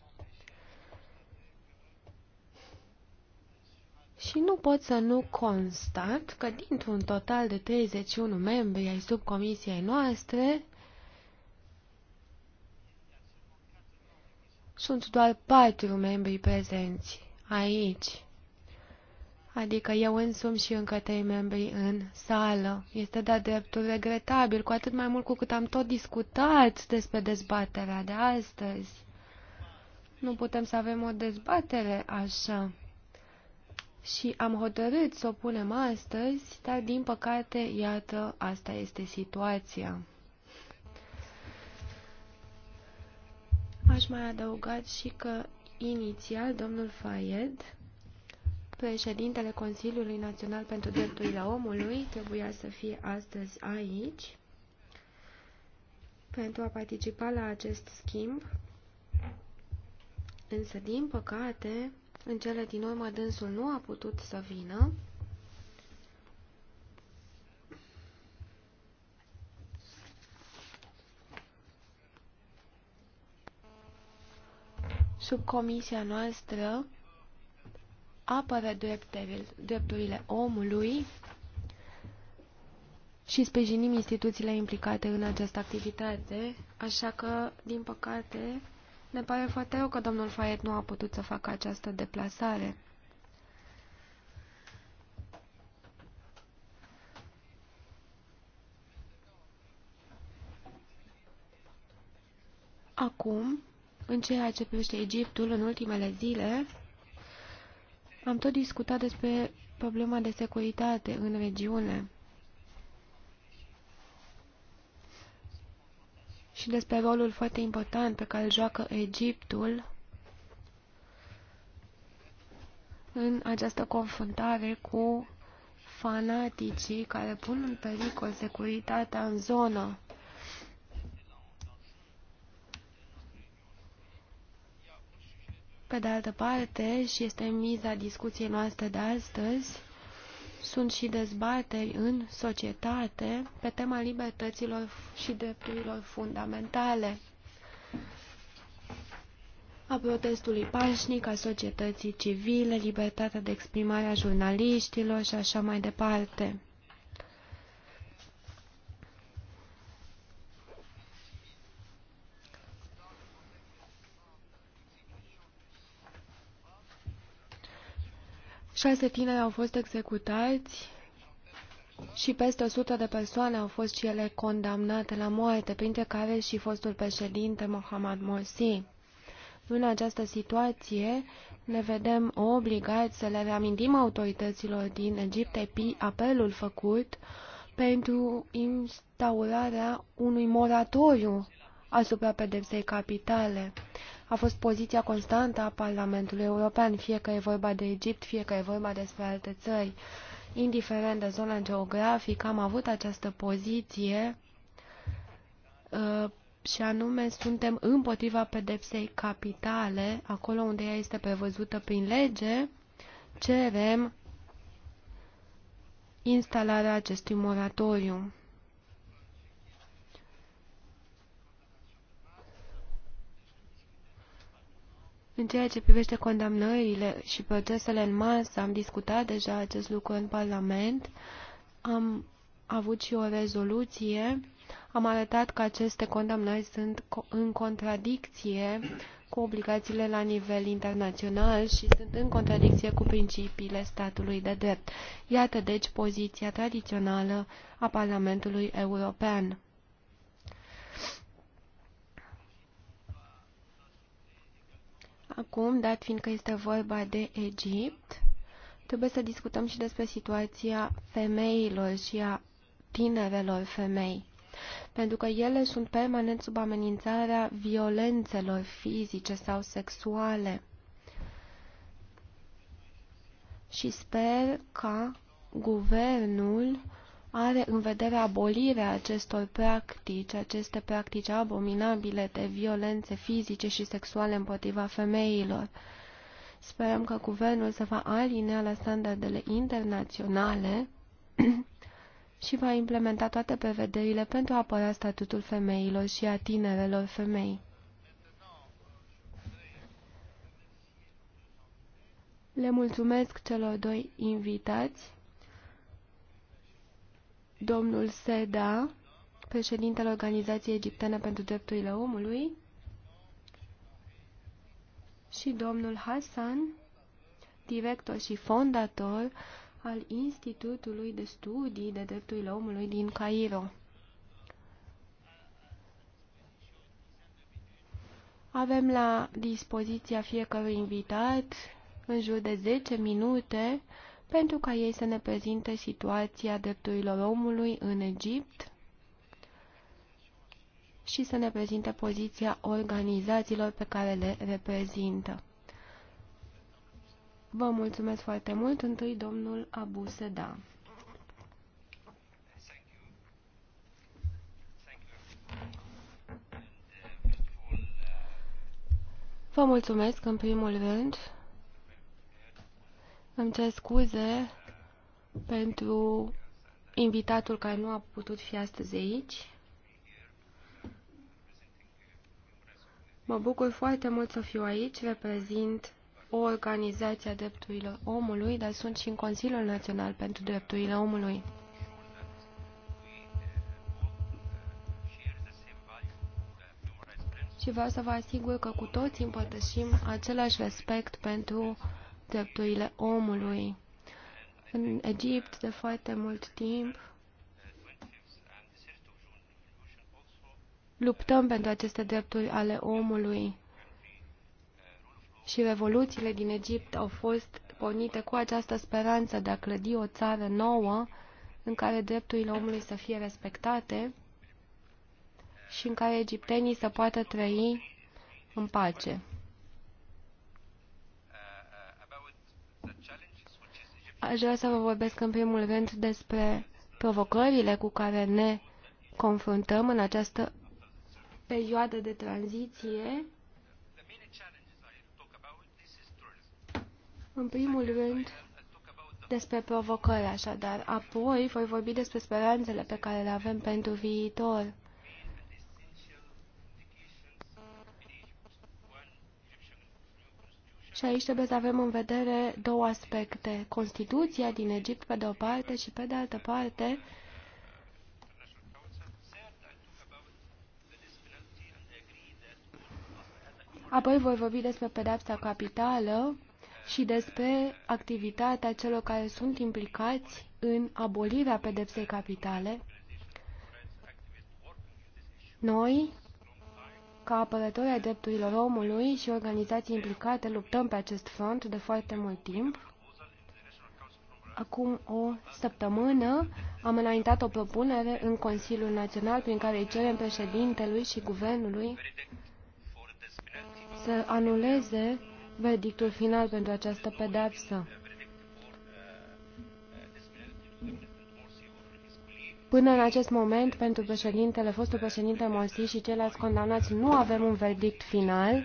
Și nu pot să nu constat că dintr-un total de 31 membri ai subcomisiei noastre, sunt doar patru membri prezenți aici. Adică eu însumi și încă trei membri în sală. Este de-a dreptul regretabil, cu atât mai mult cu cât am tot discutat despre dezbaterea de astăzi. Nu putem să avem o dezbatere așa. Și am hotărât să o punem astăzi, dar din păcate, iată, asta este situația. aș mai adăuga și că inițial domnul Fayed, președintele Consiliului Național pentru Drepturile Omului, trebuia să fie astăzi aici pentru a participa la acest schimb, însă, din păcate, în cele din urmă dânsul nu a putut să vină, Subcomisia noastră apără drepturile omului și sprijinim instituțiile implicate în această activitate, așa că, din păcate, ne pare foarte rău că domnul Fayet nu a putut să facă această deplasare. Acum în ceea ce privește Egiptul, în ultimele zile, am tot discutat despre problema de securitate în regiune și despre rolul foarte important pe care îl joacă Egiptul în această confruntare cu fanaticii care pun în pericol securitatea în zonă. Pe de altă parte, și este miza discuției noastre de astăzi, sunt și dezbateri în societate pe tema libertăților și drepturilor fundamentale, a protestului pașnic, a societății civile, libertatea de exprimare a jurnaliștilor și așa mai departe. Șase tineri au fost executați și peste 100 de persoane au fost și ele condamnate la moarte, printre care și fostul președinte Mohamed Morsi. În această situație ne vedem obligați să le reamintim autorităților din Egipt apelul făcut pentru instaurarea unui moratoriu asupra pedepsei capitale a fost poziția constantă a Parlamentului European, fie că e vorba de Egipt, fie că e vorba despre alte țări. Indiferent de zona geografică, am avut această poziție uh, și anume suntem împotriva pedepsei capitale, acolo unde ea este prevăzută prin lege, cerem instalarea acestui moratoriu. În ceea ce privește condamnările și procesele în masă, am discutat deja acest lucru în Parlament, am avut și o rezoluție, am arătat că aceste condamnări sunt în contradicție cu obligațiile la nivel internațional și sunt în contradicție cu principiile statului de drept. Iată deci poziția tradițională a Parlamentului European. Acum, dat fiindcă este vorba de Egipt, trebuie să discutăm și despre situația femeilor și a tinerelor femei, pentru că ele sunt permanent sub amenințarea violențelor fizice sau sexuale. Și sper ca guvernul are în vedere abolirea acestor practici, aceste practici abominabile de violențe fizice și sexuale împotriva femeilor. Sperăm că guvernul se va alinea la standardele internaționale *clears throat* și va implementa toate prevederile pentru a apăra statutul femeilor și a tinerelor femei. Le mulțumesc celor doi invitați domnul Seda, președintele Organizației Egiptene pentru Drepturile Omului, și domnul Hassan, director și fondator al Institutului de Studii de Drepturile Omului din Cairo. Avem la dispoziția fiecărui invitat în jur de 10 minute pentru ca ei să ne prezinte situația drepturilor omului în Egipt și să ne prezinte poziția organizațiilor pe care le reprezintă. Vă mulțumesc foarte mult. Întâi domnul Abu Seda. Vă mulțumesc în primul rând îmi cer scuze pentru invitatul care nu a putut fi astăzi aici. Mă bucur foarte mult să fiu aici, reprezint o organizație a drepturilor omului, dar sunt și în Consiliul Național pentru Drepturile Omului. Și vreau să vă asigur că cu toți împărtășim același respect pentru drepturile omului. În Egipt, de foarte mult timp, luptăm pentru aceste drepturi ale omului și revoluțiile din Egipt au fost pornite cu această speranță de a clădi o țară nouă în care drepturile omului să fie respectate și în care egiptenii să poată trăi în pace. Aș vrea să vă vorbesc în primul rând despre provocările cu care ne confruntăm în această perioadă de tranziție. În primul rând, despre provocări, așadar. Apoi voi vorbi despre speranțele pe care le avem pentru viitor. Și aici trebuie să avem în vedere două aspecte. Constituția din Egipt, pe de o parte, și pe de altă parte, Apoi voi vorbi despre pedapsa capitală și despre activitatea celor care sunt implicați în abolirea pedepsei capitale. Noi ca apărători ai drepturilor omului și organizații implicate luptăm pe acest front de foarte mult timp. Acum o săptămână am înaintat o propunere în Consiliul Național prin care îi cerem președintelui și guvernului să anuleze verdictul final pentru această pedeapsă. Până în acest moment, pentru președintele, fostul președinte Morsi și ceilalți condamnați, nu avem un verdict final.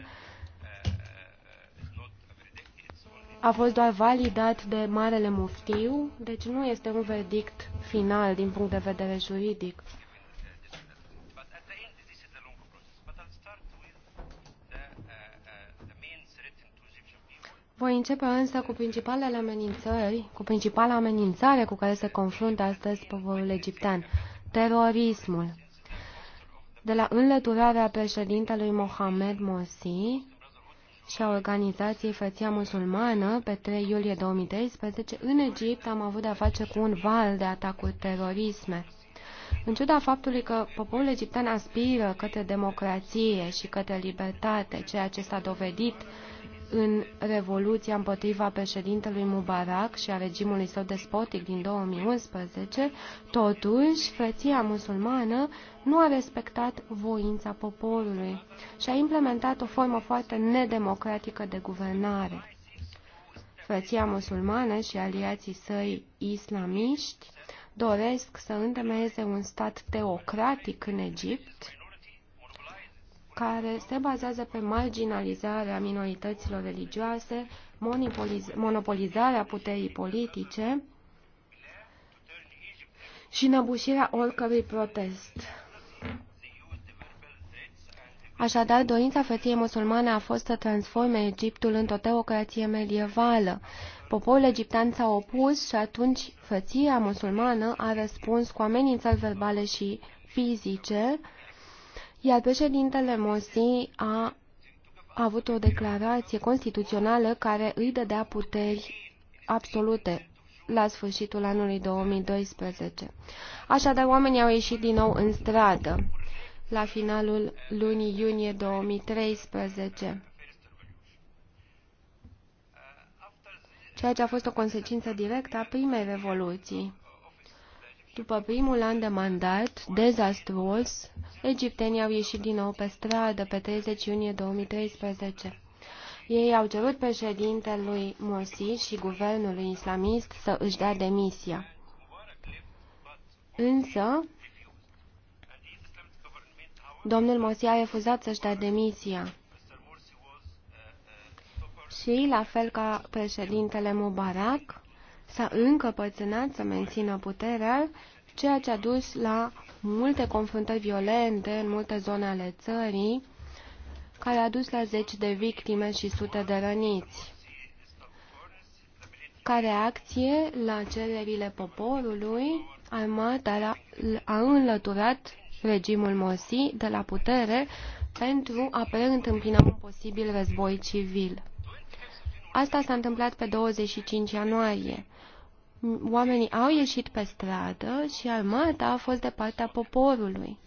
A fost doar validat de Marele Muftiu, deci nu este un verdict final din punct de vedere juridic. Voi începe însă cu principalele amenințări, cu principala amenințare cu care se confruntă astăzi poporul egiptean, terorismul. De la înlăturarea președintelui Mohamed Morsi și a organizației Frăția Musulmană pe 3 iulie 2013, în Egipt am avut de-a face cu un val de atacuri terorisme. În ciuda faptului că poporul egiptean aspiră către democrație și către libertate, ceea ce s-a dovedit în Revoluția împotriva președintelui Mubarak și a regimului său despotic din 2011, totuși, frăția musulmană nu a respectat voința poporului și a implementat o formă foarte nedemocratică de guvernare. Frăția musulmană și aliații săi islamiști doresc să întemeieze un stat teocratic în Egipt, care se bazează pe marginalizarea minorităților religioase, monopolizarea puterii politice și năbușirea oricărui protest. Așadar, dorința feției musulmane a fost să transforme Egiptul într-o teocrație medievală. Poporul egiptean s-a opus și atunci feția musulmană a răspuns cu amenințări verbale și fizice, iar președintele Mosi a avut o declarație constituțională care îi dădea puteri absolute la sfârșitul anului 2012. Așadar, oamenii au ieșit din nou în stradă la finalul lunii iunie 2013, ceea ce a fost o consecință directă a primei revoluții. După primul an de mandat, dezastruos, egiptenii au ieșit din nou pe stradă pe 30 iunie 2013. Ei au cerut președintelui Morsi și guvernului islamist să își dea demisia. Însă, domnul Morsi a refuzat să-și dea demisia. Și, la fel ca președintele Mubarak, s-a încăpățânat să mențină puterea, ceea ce a dus la multe confruntări violente în multe zone ale țării, care a dus la zeci de victime și sute de răniți. Ca reacție la cererile poporului, armata a înlăturat regimul Mosi de la putere pentru a preîntâmpina un posibil război civil. Asta s-a întâmplat pe 25 ianuarie. Oamenii au ieșit pe stradă și armata a fost de partea poporului.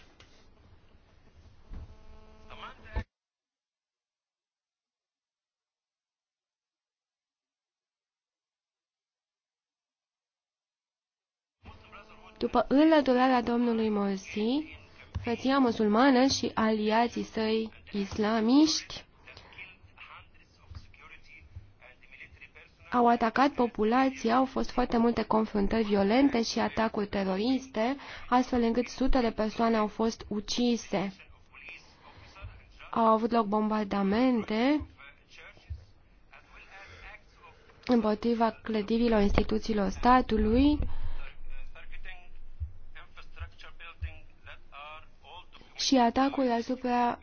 După înlăturarea domnului Morsi, frăția musulmană și aliații săi islamiști au atacat populația, au fost foarte multe confruntări violente și atacuri teroriste, astfel încât sute de persoane au fost ucise. Au avut loc bombardamente împotriva clădirilor instituțiilor statului și atacul asupra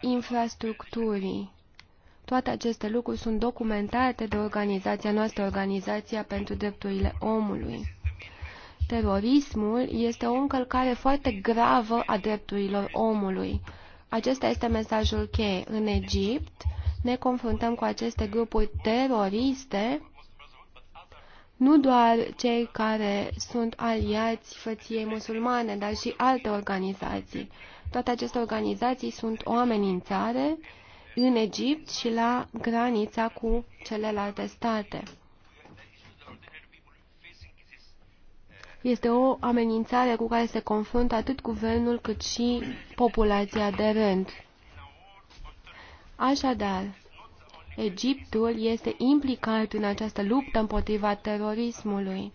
infrastructurii. Toate aceste lucruri sunt documentate de organizația noastră, Organizația pentru Drepturile Omului. Terorismul este o încălcare foarte gravă a drepturilor omului. Acesta este mesajul cheie. În Egipt ne confruntăm cu aceste grupuri teroriste, nu doar cei care sunt aliați făției musulmane, dar și alte organizații. Toate aceste organizații sunt o amenințare în Egipt și la granița cu celelalte state. Este o amenințare cu care se confruntă atât guvernul cât și populația de rând. Așadar, Egiptul este implicat în această luptă împotriva terorismului.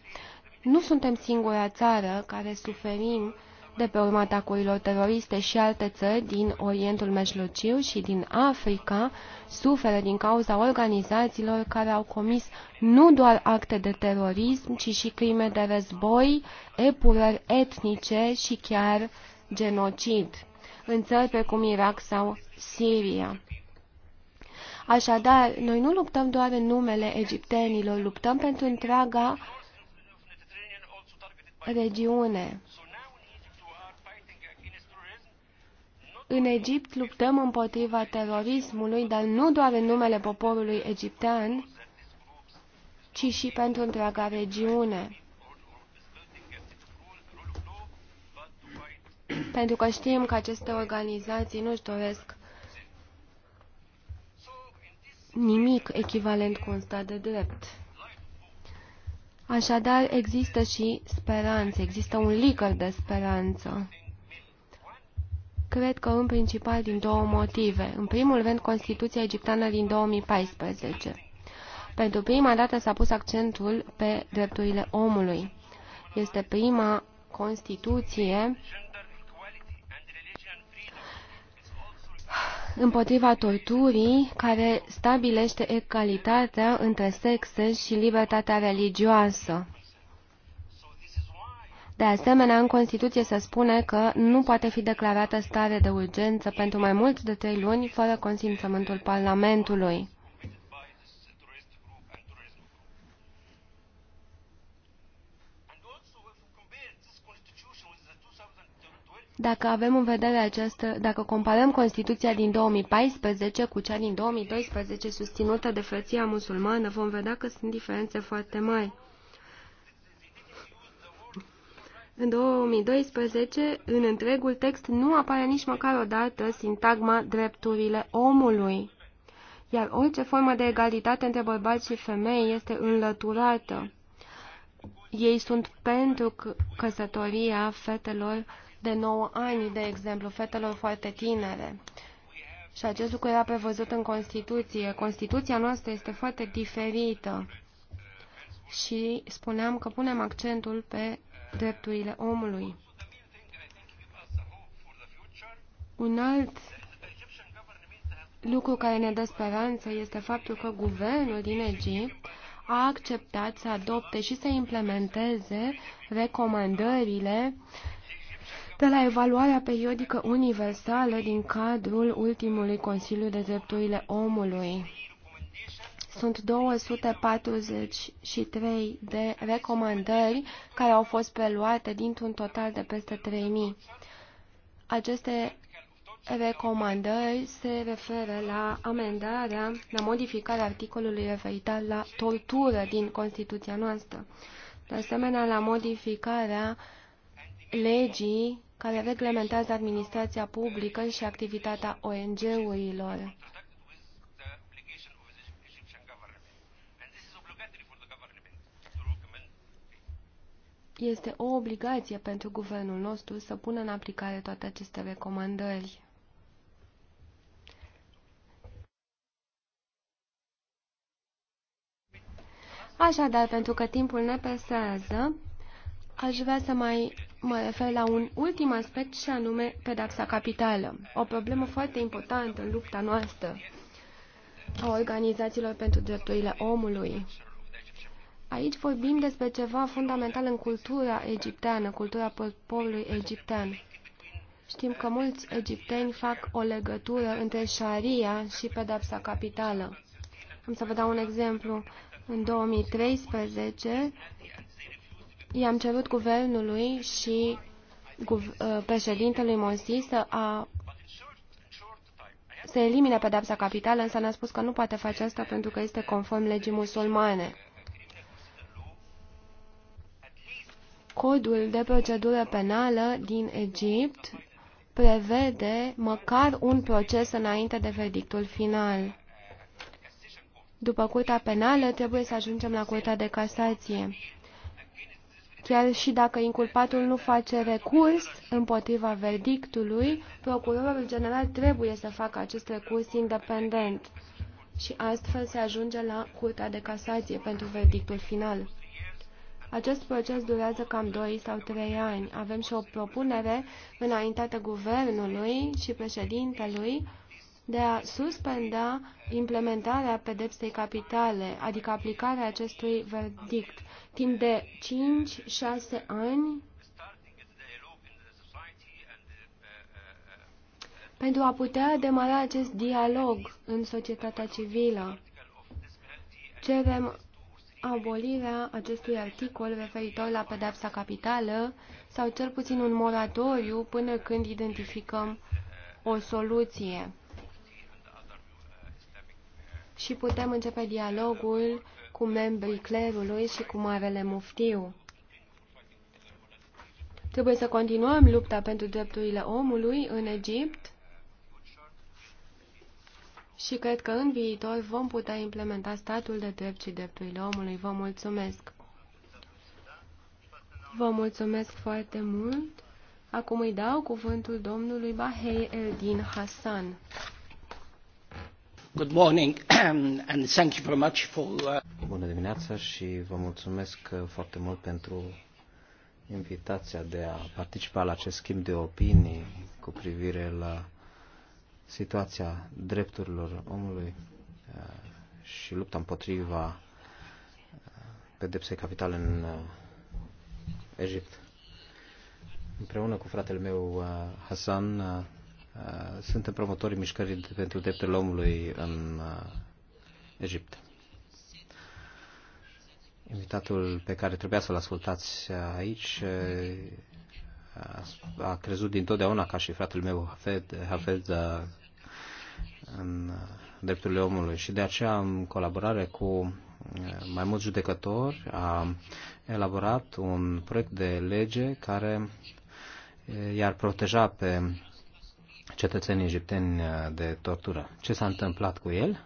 Nu suntem singura țară care suferim de pe urma atacurilor teroriste și alte țări din Orientul Mijlociu și din Africa suferă din cauza organizațiilor care au comis nu doar acte de terorism, ci și crime de război, epurări etnice și chiar genocid în țări precum Irak sau Siria. Așadar, noi nu luptăm doar în numele egiptenilor, luptăm pentru întreaga regiune. În Egipt luptăm împotriva terorismului, dar nu doar în numele poporului egiptean, ci și pentru întreaga regiune. Pentru că știm că aceste organizații nu-și doresc nimic echivalent cu un stat de drept. Așadar, există și speranță, există un licăr de speranță. Cred că în principal din două motive. În primul rând, Constituția egipteană din 2014. Pentru prima dată s-a pus accentul pe drepturile omului. Este prima Constituție împotriva torturii care stabilește egalitatea între sexe și libertatea religioasă. De asemenea, în Constituție se spune că nu poate fi declarată stare de urgență pentru mai mult de trei luni fără consimțământul Parlamentului. Dacă avem în vedere această, dacă comparăm Constituția din 2014 cu cea din 2012 susținută de frăția musulmană, vom vedea că sunt diferențe foarte mari. În 2012, în întregul text nu apare nici măcar o dată sintagma drepturile omului, iar orice formă de egalitate între bărbați și femei este înlăturată. Ei sunt pentru căsătoria fetelor de 9 ani, de exemplu, fetelor foarte tinere. Și acest lucru era prevăzut în Constituție. Constituția noastră este foarte diferită. Și spuneam că punem accentul pe drepturile omului. Un alt lucru care ne dă speranță este faptul că guvernul din Egipt a acceptat să adopte și să implementeze recomandările de la evaluarea periodică universală din cadrul ultimului Consiliu de Drepturile Omului. Sunt 243 de recomandări care au fost preluate dintr-un total de peste 3000. Aceste recomandări se referă la amendarea, la modificarea articolului referitor la tortură din Constituția noastră. De asemenea, la modificarea legii care reglementează administrația publică și activitatea ONG-urilor. este o obligație pentru guvernul nostru să pună în aplicare toate aceste recomandări. Așadar, pentru că timpul ne pesează, aș vrea să mai mă refer la un ultim aspect și anume pedapsa capitală. O problemă foarte importantă în lupta noastră a organizațiilor pentru drepturile omului. Aici vorbim despre ceva fundamental în cultura egipteană, cultura poporului egiptean. Știm că mulți egipteni fac o legătură între șaria și pedepsa capitală. Am să vă dau un exemplu. În 2013 i-am cerut guvernului și ă, președintelui Monsi să, a, să elimine pedepsa capitală, însă ne-a spus că nu poate face asta pentru că este conform legii musulmane. Codul de procedură penală din Egipt prevede măcar un proces înainte de verdictul final. După curtea penală, trebuie să ajungem la curtea de casație. Chiar și dacă inculpatul nu face recurs împotriva verdictului, procurorul general trebuie să facă acest recurs independent și astfel se ajunge la curtea de casație pentru verdictul final. Acest proces durează cam 2 sau 3 ani. Avem și o propunere înaintată guvernului și președintelui de a suspenda implementarea pedepsei capitale, adică aplicarea acestui verdict, timp de 5-6 ani pentru a putea demara acest dialog în societatea civilă. Cerem abolirea acestui articol referitor la pedepsa capitală sau cel puțin un moratoriu până când identificăm o soluție. Și putem începe dialogul cu membrii clerului și cu Marele Muftiu. Trebuie să continuăm lupta pentru drepturile omului în Egipt și cred că în viitor vom putea implementa statul de drept și drepturile omului. Vă mulțumesc! Vă mulțumesc foarte mult! Acum îi dau cuvântul domnului Bahei Eldin Hassan. Good morning *clears throat* and thank you very much for... Uh, Bună dimineața și vă mulțumesc uh, foarte mult pentru invitația de a participa la acest schimb de opinii cu privire la situația drepturilor omului uh, și lupta împotriva uh, pedepsei capitale în uh, Egipt. Împreună cu fratele meu Hasan suntem promotorii mișcării pentru drepturile omului în Egipt. Invitatul pe care trebuia să-l ascultați aici a crezut dintotdeauna ca și fratele meu Hafed, Hafed în uh, drepturile omului și de aceea în colaborare cu uh, mai mulți judecători a elaborat un proiect de lege care uh, i-ar proteja pe cetățenii egipteni de tortură. Ce s-a întâmplat cu el?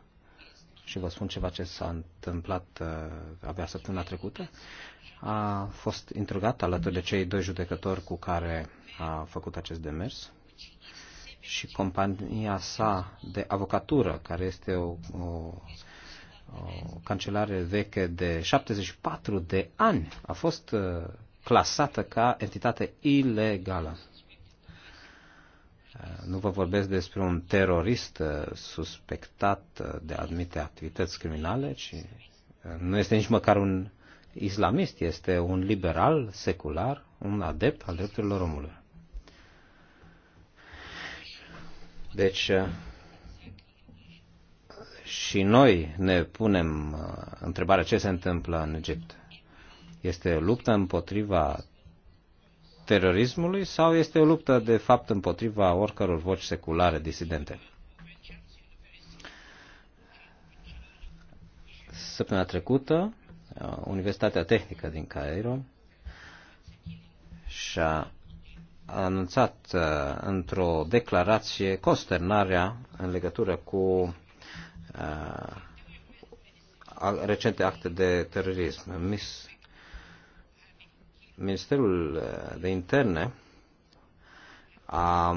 Și vă spun ceva ce s-a întâmplat abia săptămâna trecută. A fost interogat alături de cei doi judecători cu care a făcut acest demers și compania sa de avocatură, care este o, o, o cancelare veche de 74 de ani, a fost uh, clasată ca entitate ilegală. Uh, nu vă vorbesc despre un terorist uh, suspectat de admite activități criminale, ci nu este nici măcar un islamist, este un liberal secular, un adept al drepturilor omului. Deci uh, și noi ne punem uh, întrebarea ce se întâmplă în Egipt. Este o luptă împotriva terorismului sau este o luptă de fapt împotriva oricăror voci seculare disidente? Săptămâna trecută, uh, Universitatea Tehnică din Cairo și-a anunțat uh, într-o declarație consternarea în legătură cu uh, recente acte de terorism. Mis, Ministerul uh, de Interne a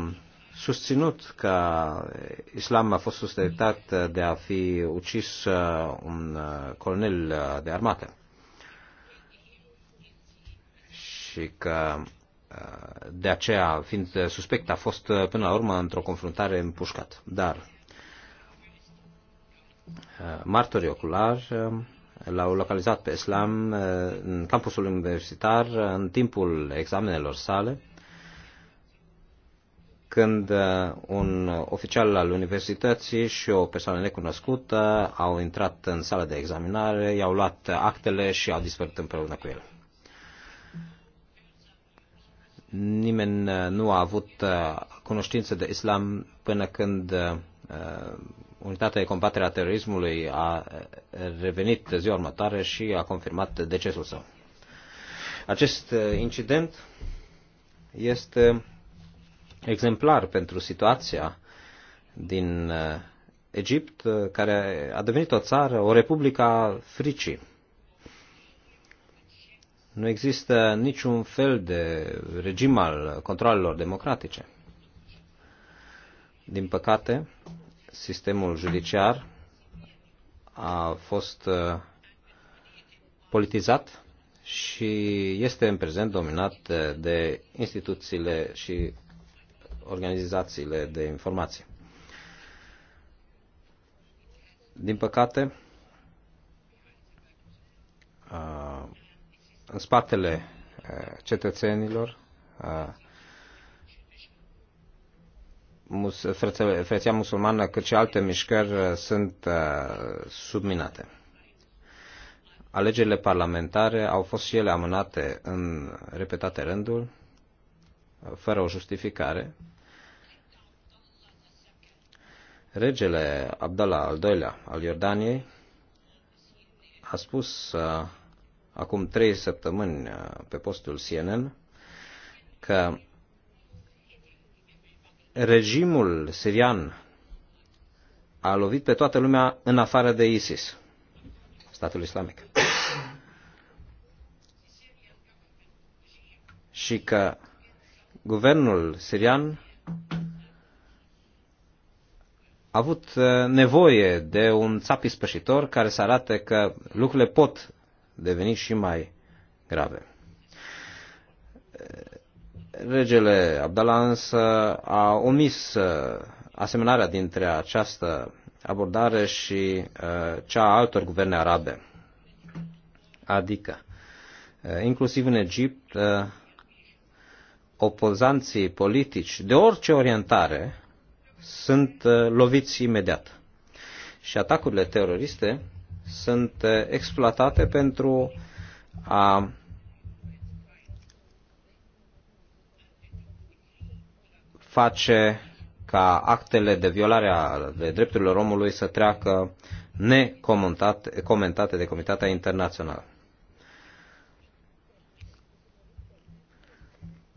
susținut că islam a fost suspectat uh, de a fi ucis uh, un colonel de armată și că de aceea, fiind suspect, a fost uh, până la urmă într-o confruntare împușcat. Dar uh, martorii oculari uh, l-au localizat pe Islam în campusul universitar în timpul examenelor sale, când un oficial al universității și o persoană necunoscută au intrat în sala de examinare, i-au luat actele și au dispărut împreună cu el nimeni uh, nu a avut uh, cunoștință de islam până când uh, Unitatea de combatere a terorismului a revenit ziua următoare și a confirmat decesul său. Acest incident este exemplar pentru situația din Egipt, care a devenit o țară, o republică a fricii nu există niciun fel de regim al controlelor democratice. Din păcate, sistemul judiciar a fost uh, politizat și este în prezent dominat de instituțiile și organizațiile de informație. Din păcate, uh, în spatele eh, cetățenilor. Eh, frăția musulmană, cât și alte mișcări eh, sunt subminate. Alegerile parlamentare au fost și ele amânate în repetate rândul, fără o justificare. Regele Abdallah al II-lea al Iordaniei a spus acum trei săptămâni uh, pe postul CNN că regimul sirian a lovit pe toată lumea în afară de ISIS, statul islamic. și că guvernul sirian a avut uh, nevoie de un țap ispășitor care să arate că lucrurile pot deveni și mai grave. Regele Abdallah însă a omis uh, asemănarea dintre această abordare și uh, cea a altor guverne arabe. Adică, uh, inclusiv în Egipt, opozanții politici de orice orientare sunt loviți imediat. Și atacurile teroriste sunt eh, exploatate pentru a face ca actele de violare ale drepturilor omului să treacă necomentate de Comitatea Internațională.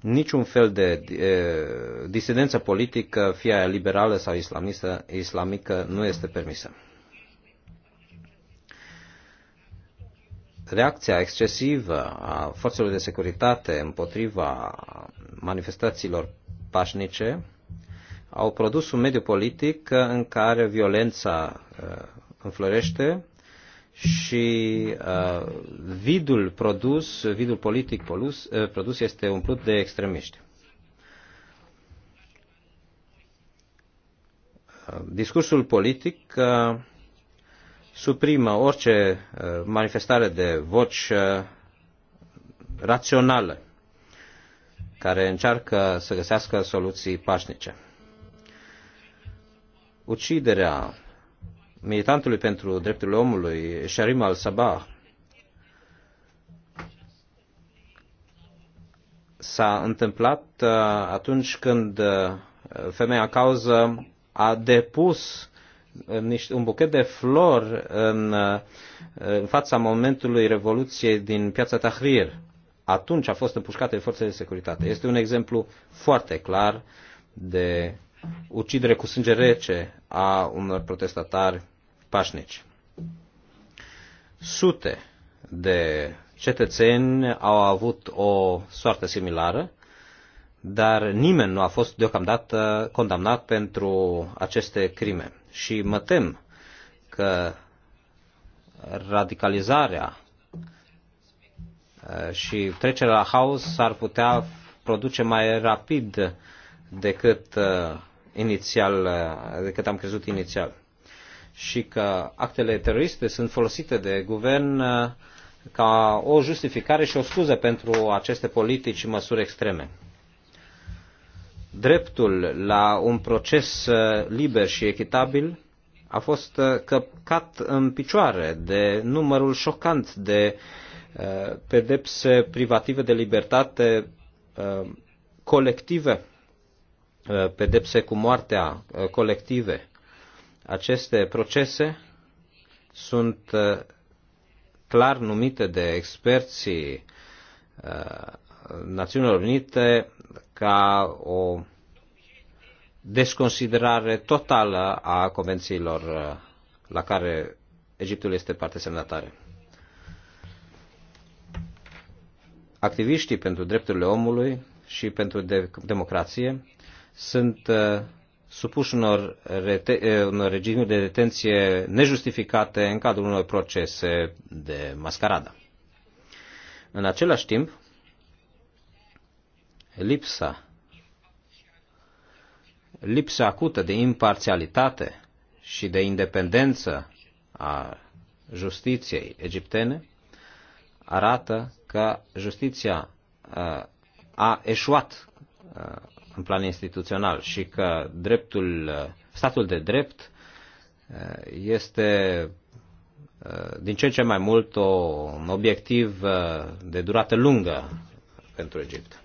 Niciun fel de e, eh, disidență politică, fie liberală sau islamistă, islamică, nu este permisă. reacția excesivă a forțelor de securitate împotriva manifestațiilor pașnice au produs un mediu politic în care violența uh, înflorește și uh, vidul produs, vidul politic produs, uh, produs este umplut de extremiști. Discursul politic suprimă orice uh, manifestare de voci uh, rațională care încearcă să găsească soluții pașnice. Uciderea militantului pentru drepturile omului, Sharim al-Sabah, s-a întâmplat uh, atunci când femeia cauză a depus niște, un buchet de flori în, uh, în fața momentului Revoluției din piața Tahrir. Atunci a fost împușcată de forțele de securitate. Este un exemplu foarte clar de ucidere cu sânge rece a unor protestatari pașnici. Sute de cetățeni au avut o soartă similară, dar nimeni nu a fost deocamdată condamnat pentru aceste crime și mă tem că radicalizarea uh, și trecerea la haos s-ar putea produce mai rapid decât uh, inițial, uh, decât am crezut inițial. Și că actele teroriste sunt folosite de guvern ca o justificare și o scuză pentru aceste politici și măsuri extreme dreptul la un proces uh, liber și echitabil a fost uh, căpcat în picioare de numărul șocant de uh, pedepse privative de libertate colective, pedepse cu moartea colective. Aceste procese sunt clar numite de experții Națiunilor Unite ca o desconsiderare totală a convențiilor uh, la care Egiptul este parte semnatare. Activiștii pentru drepturile omului și pentru de- democrație sunt uh, supuși unor, rete- uh, unor regimuri de detenție nejustificate în cadrul unor procese de mascaradă. În același timp, lipsa lipsa acută de imparțialitate și de independență a justiției egiptene arată că justiția uh, a eșuat uh, în plan instituțional și că dreptul, uh, statul de drept este din ce în ce mai mult o, un obiectiv de durată lungă pentru Egipt.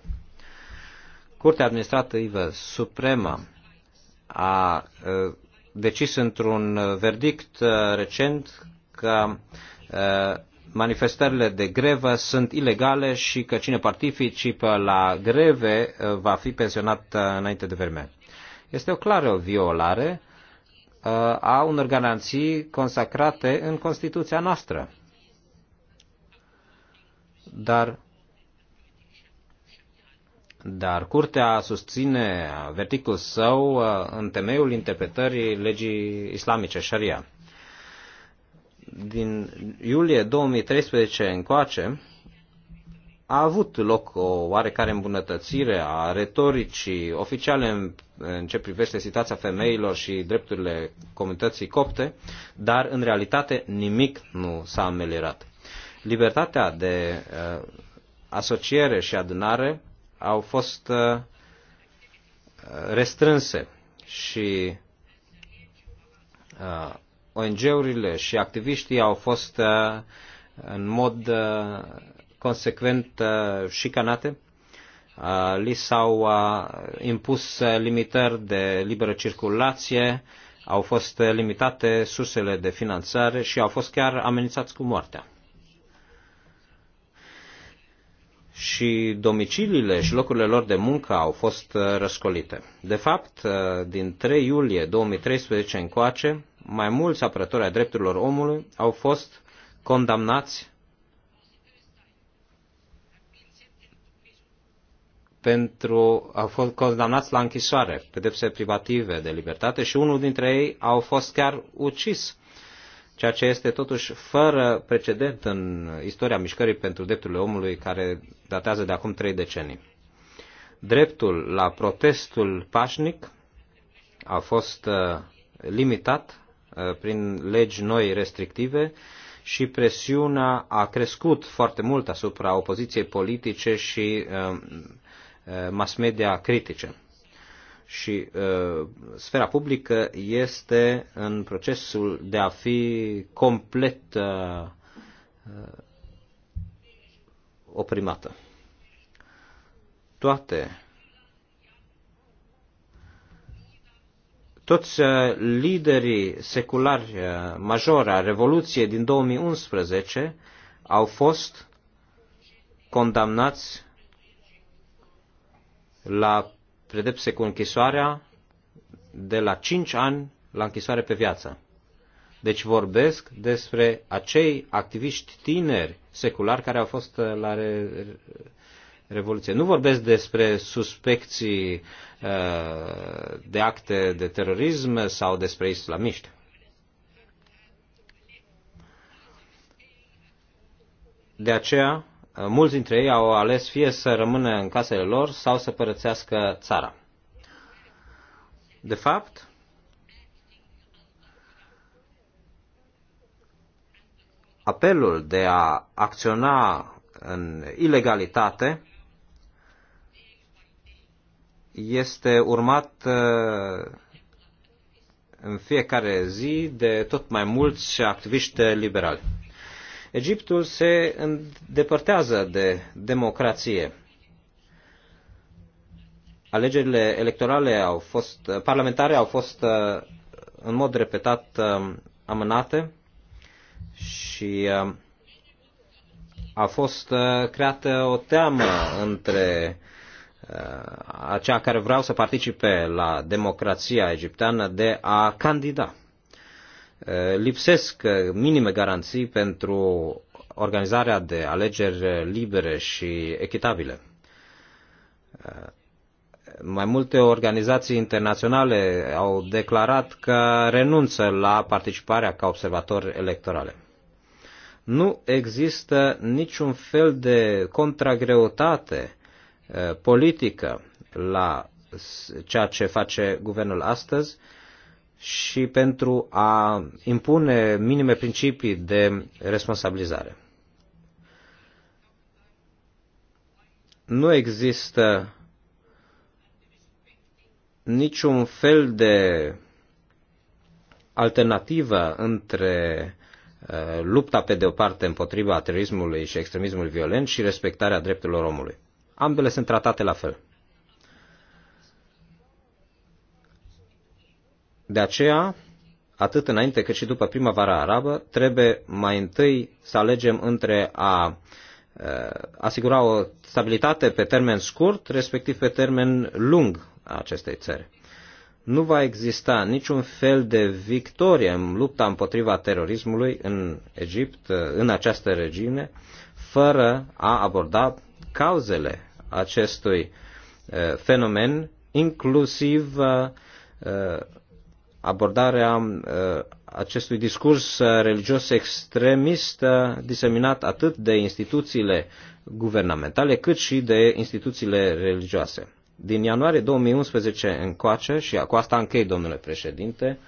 Curtea Administrativă Supremă a decis într-un verdict recent că manifestările de grevă sunt ilegale și că cine participă la greve va fi pensionat înainte de vreme. Este o clară violare a unor garanții consacrate în Constituția noastră. Dar dar curtea susține verdictul său uh, în temeiul interpretării legii islamice Sharia. Din iulie 2013 încoace, a avut loc o oarecare îmbunătățire a retoricii oficiale în, în ce privește situația femeilor și drepturile comunității copte, dar în realitate nimic nu s-a ameliorat. Libertatea de uh, asociere și adunare au fost uh, restrânse și uh, ONG-urile și activiștii au fost uh, în mod consecvent șicanate. Li s-au impus limitări de liberă circulație, au fost limitate sursele de finanțare și au fost chiar amenințați cu moartea. și domiciliile și locurile lor de muncă au fost uh, răscolite. De fapt, uh, din 3 iulie 2013 încoace, mai mulți apărători ai drepturilor omului au fost condamnați pentru, au fost condamnați la închisoare, pedepse privative de libertate și unul dintre ei au fost chiar ucis ceea ce este totuși fără precedent în istoria mișcării pentru drepturile omului care datează de acum trei decenii. Dreptul la protestul pașnic a fost uh, limitat uh, prin legi noi restrictive și presiunea a crescut foarte mult asupra opoziției politice și uh, mass media critice și uh, sfera publică este în procesul de a fi complet uh, uh oprimată. Toate toți uh, liderii seculari uh, majori a Revoluției din 2011 au fost condamnați la pedepse cu închisoarea de la 5 ani la închisoare pe viață. Deci vorbesc despre acei activiști tineri seculari care au fost uh, la re... Revoluție. Nu vorbesc despre suspecții uh, de acte de terorism sau despre islamiști. De aceea Uh, mulți dintre ei au ales fie să rămână în casele lor sau să părățească țara. De fapt, apelul de a acționa în ilegalitate este urmat uh, în fiecare zi de tot mai mulți activiști liberali. Egiptul se îndepărtează de democrație. Alegerile electorale au fost, parlamentare au fost uh, în mod repetat uh, amânate și uh, a fost creată o teamă între aceia care vreau să participe la democrația egipteană de a candida. Eh, lipsesc eh, minime garanții pentru organizarea de alegeri libere și echitabile. Eh, mai multe organizații internaționale au declarat că renunță la participarea ca observatori electorale. Nu există niciun fel de contragreutate politică la ceea ce face guvernul astăzi, și pentru a impune minime principii de responsabilizare. Nu există niciun fel de alternativă între uh, lupta pe de o parte împotriva terorismului și extremismului violent și respectarea drepturilor omului. Ambele sunt tratate la fel. De aceea, atât înainte cât și după primăvara arabă, trebuie mai întâi să alegem între a uh, asigura o stabilitate pe termen scurt, respectiv pe termen lung a acestei țări. Nu va exista niciun fel de victorie în lupta împotriva terorismului în Egipt, uh, în această regiune, fără a aborda cauzele acestui uh, fenomen, inclusiv abordarea uh, acestui discurs uh, religios extremist uh, diseminat atât de instituțiile guvernamentale cât și de instituțiile religioase. Din ianuarie 2011 încoace, și cu asta închei, domnule președinte,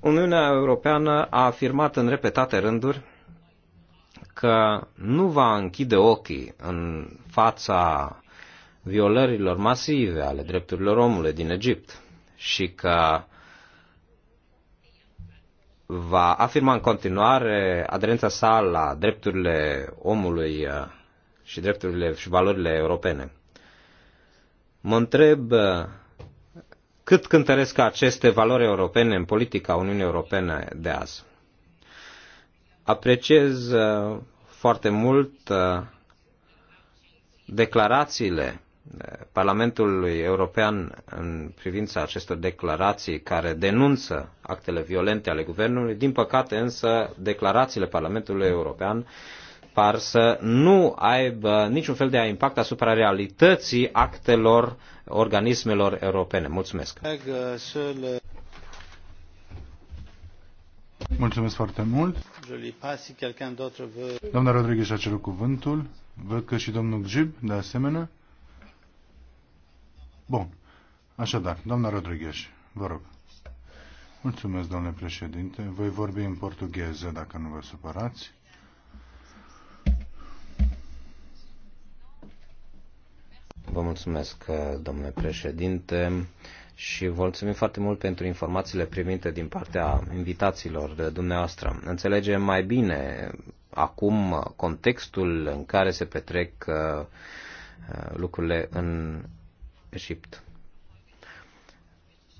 Uniunea Europeană a afirmat în repetate rânduri că nu va închide ochii în fața violărilor masive ale drepturilor omului din Egipt și că va afirma în continuare aderența sa la drepturile omului uh, și drepturile și valorile europene. Mă întreb uh, cât cântăresc aceste valori europene în politica Uniunii Europene de azi. Apreciez uh, foarte mult declarațiile Parlamentului European în privința acestor declarații care denunță actele violente ale guvernului. Din păcate însă declarațiile Parlamentului European par să nu aibă niciun fel de impact asupra realității actelor organismelor europene. Mulțumesc! Mulțumesc foarte mult! Doamna Rodriguez a cerut cuvântul. Văd că și domnul Gjib, de asemenea. Bun. Așadar, doamna Rodriguez, vă rog. Mulțumesc, domnule președinte. Voi vorbi în portugheză, dacă nu vă supărați. Vă mulțumesc, domnule președinte, și vă mulțumim foarte mult pentru informațiile primite din partea invitațiilor de dumneavoastră. Înțelegem mai bine acum contextul în care se petrec uh, uh, lucrurile în Egipt.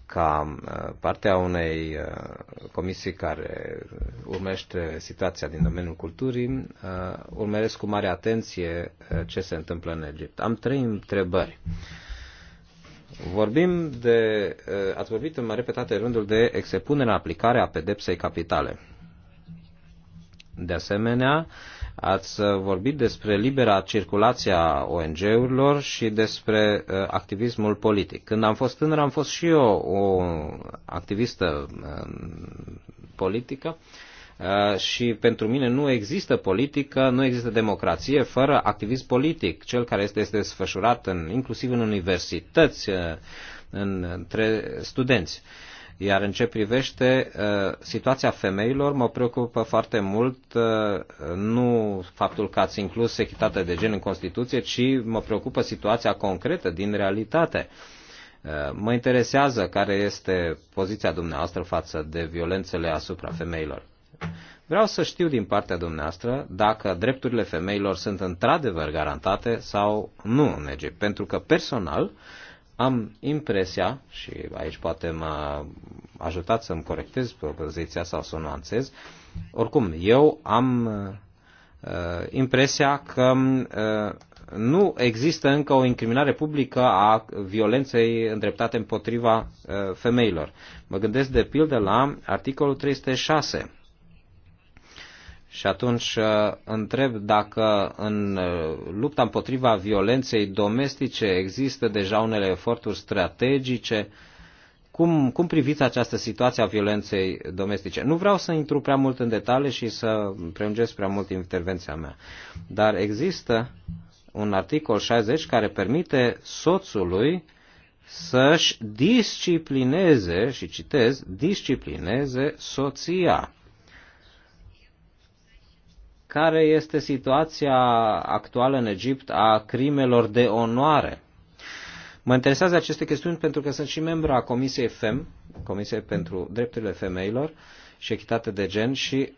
Ca uh, partea unei uh, comisii care urmește situația din domeniul culturii, uh, urmăresc cu mare atenție ce se întâmplă în Egipt. Am trei întrebări. Vorbim de, ați vorbit în mai repetate rândul de exepunerea în aplicare a pedepsei capitale. De asemenea, uh, Ați uh, vorbit despre libera circulație a ONG-urilor și despre uh, activismul politic. Când am fost tânăr, am fost și eu o activistă uh, politică și pentru mine nu există politică, nu există democrație fără activism politic, cel care este, este desfășurat în, inclusiv în universități, între studenți. Uh, iar în ce privește uh, situația femeilor, mă preocupă foarte mult uh, nu faptul că ați inclus echitatea de gen în Constituție, ci mă preocupă situația concretă din realitate. Uh, mă interesează care este poziția dumneavoastră față de violențele asupra femeilor. Vreau să știu din partea dumneavoastră dacă drepturile femeilor sunt într-adevăr garantate sau nu în Egipt, pentru că personal uh, am impresia, și aici poate mă ajutați să-mi corectez propoziția sau să o nuanțez, oricum, eu am uh, impresia că uh, nu există încă o incriminare publică a violenței îndreptate împotriva uh, femeilor. Mă gândesc de pildă la articolul 306 și atunci uh, întreb dacă în uh, lupta împotriva violenței domestice există deja unele eforturi strategice. Cum, cum priviți această situație a violenței domestice? Nu vreau să intru prea mult în detalii și să prelungesc prea mult intervenția mea, dar există un articol 60 care permite soțului să-și disciplineze, și citez, disciplineze soția care este situația actuală în Egipt a crimelor de onoare. Mă interesează aceste chestiuni pentru că sunt și membru a Comisiei FEM, Comisie pentru Drepturile Femeilor și Echitate de Gen și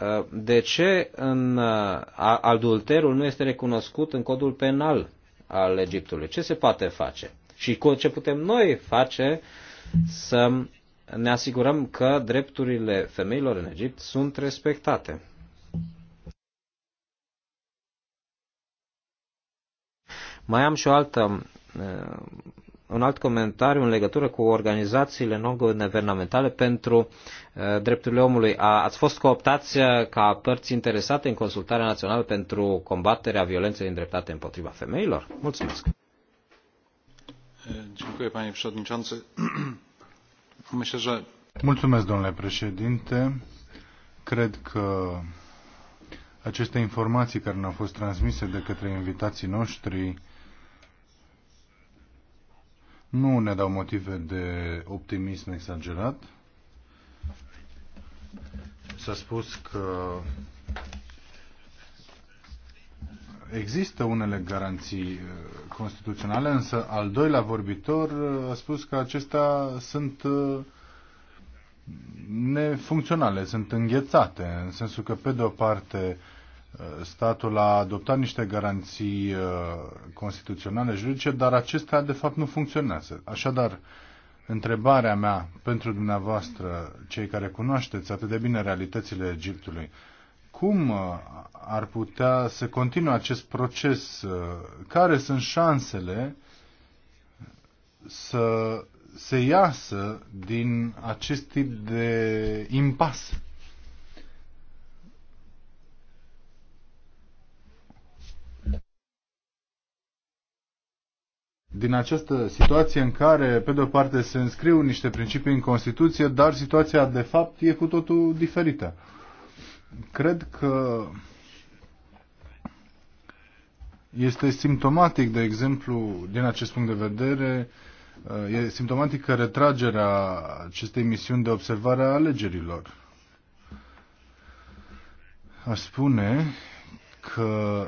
uh, de ce în uh, adulterul nu este recunoscut în codul penal al Egiptului? Ce se poate face? Și ce putem noi face să ne asigurăm că drepturile femeilor în Egipt sunt respectate? Mai am și o altă, uh, un alt comentariu în legătură cu organizațiile non-guvernamentale pentru uh, drepturile omului. A, ați fost cooptați uh, ca părți interesate în consultarea națională pentru combaterea violenței îndreptate împotriva femeilor? Mulțumesc! *clears throat* Mulțumesc, domnule președinte. Cred că aceste informații care ne-au fost transmise de către invitații noștri nu ne dau motive de optimism exagerat. S-a spus că există unele garanții uh, constituționale, însă al doilea vorbitor uh, a spus că acestea sunt uh, nefuncționale, sunt înghețate, în sensul că pe de o parte statul a adoptat niște garanții uh, constituționale, juridice, dar acestea de fapt nu funcționează. Așadar, întrebarea mea pentru dumneavoastră, cei care cunoașteți atât de bine realitățile Egiptului, cum uh, ar putea să continue acest proces? Uh, care sunt șansele să se iasă din acest tip de impas? din această situație în care, pe de-o parte, se înscriu niște principii în Constituție, dar situația, de fapt, e cu totul diferită. Cred că este simptomatic, de exemplu, din acest punct de vedere, e simptomatic că retragerea acestei misiuni de observare a alegerilor. Aș spune că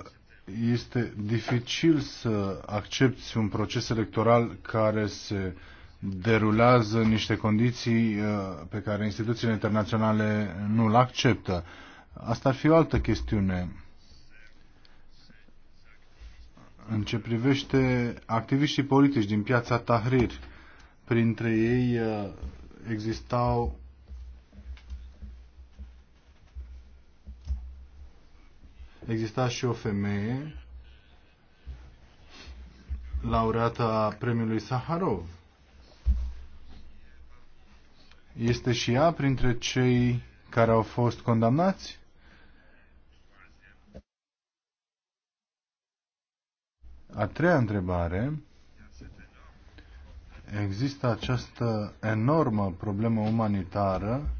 este dificil să accepti un proces electoral care se derulează în niște condiții uh, pe care instituțiile internaționale nu le acceptă. Asta ar fi o altă chestiune. În ce privește activiștii politici din piața Tahrir, printre ei uh, existau exista și o femeie laureata premiului Saharov. Este și ea printre cei care au fost condamnați? A treia întrebare. Există această enormă problemă umanitară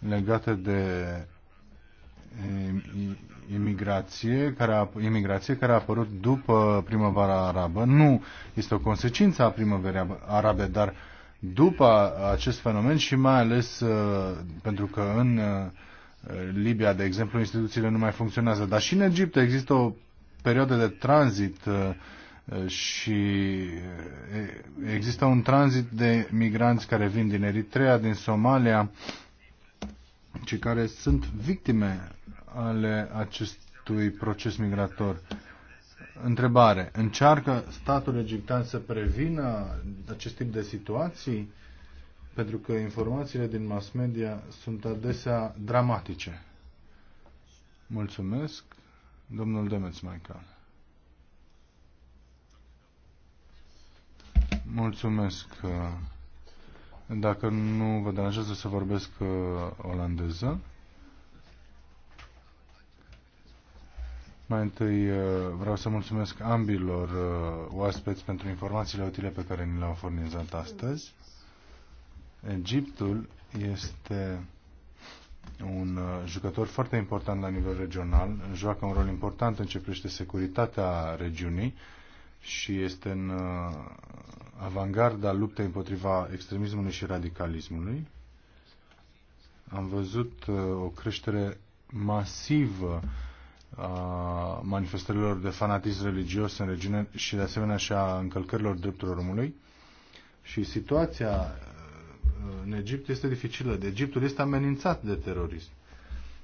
legată de imigrație care, a, imigrație care a apărut după primăvara arabă. Nu este o consecință a primăverii arabe, dar după acest fenomen și mai ales uh, pentru că în uh, Libia, de exemplu, instituțiile nu mai funcționează, dar și în Egipt există o perioadă de tranzit uh, și există un tranzit de migranți care vin din Eritrea, din Somalia, cei care sunt victime ale acestui proces migrator. Întrebare. Încearcă statul egiptean să prevină acest tip de situații? Pentru că informațiile din mass media sunt adesea dramatice. Mulțumesc, domnul Demeț Maical. Mulțumesc. Dacă nu vă deranjează să vorbesc uh, olandeză. Mai întâi uh, vreau să mulțumesc ambilor uh, oaspeți pentru informațiile utile pe care ni le-au furnizat astăzi. Egiptul este un uh, jucător foarte important la nivel regional, joacă un rol important în ce privește securitatea regiunii și este în avangarda luptei împotriva extremismului și radicalismului. Am văzut o creștere masivă a manifestărilor de fanatism religios în regiune și de asemenea și a încălcărilor drepturilor omului. Și situația uh, în Egipt este dificilă. De Egiptul este amenințat de terorism.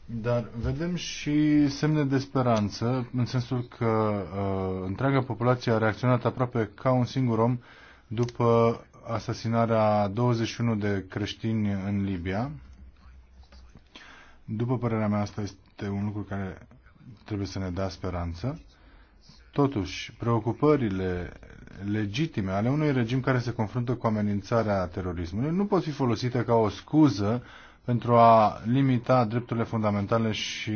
Dar vedem și semne de speranță, în sensul că uh, întreaga populație a reacționat aproape ca un singur om după asasinarea 21 de creștini în Libia. După părerea mea, asta este un lucru care trebuie să ne dea speranță. Totuși, preocupările legitime ale unui regim care se confruntă cu amenințarea terorismului nu pot fi folosite ca o scuză pentru a limita drepturile fundamentale și,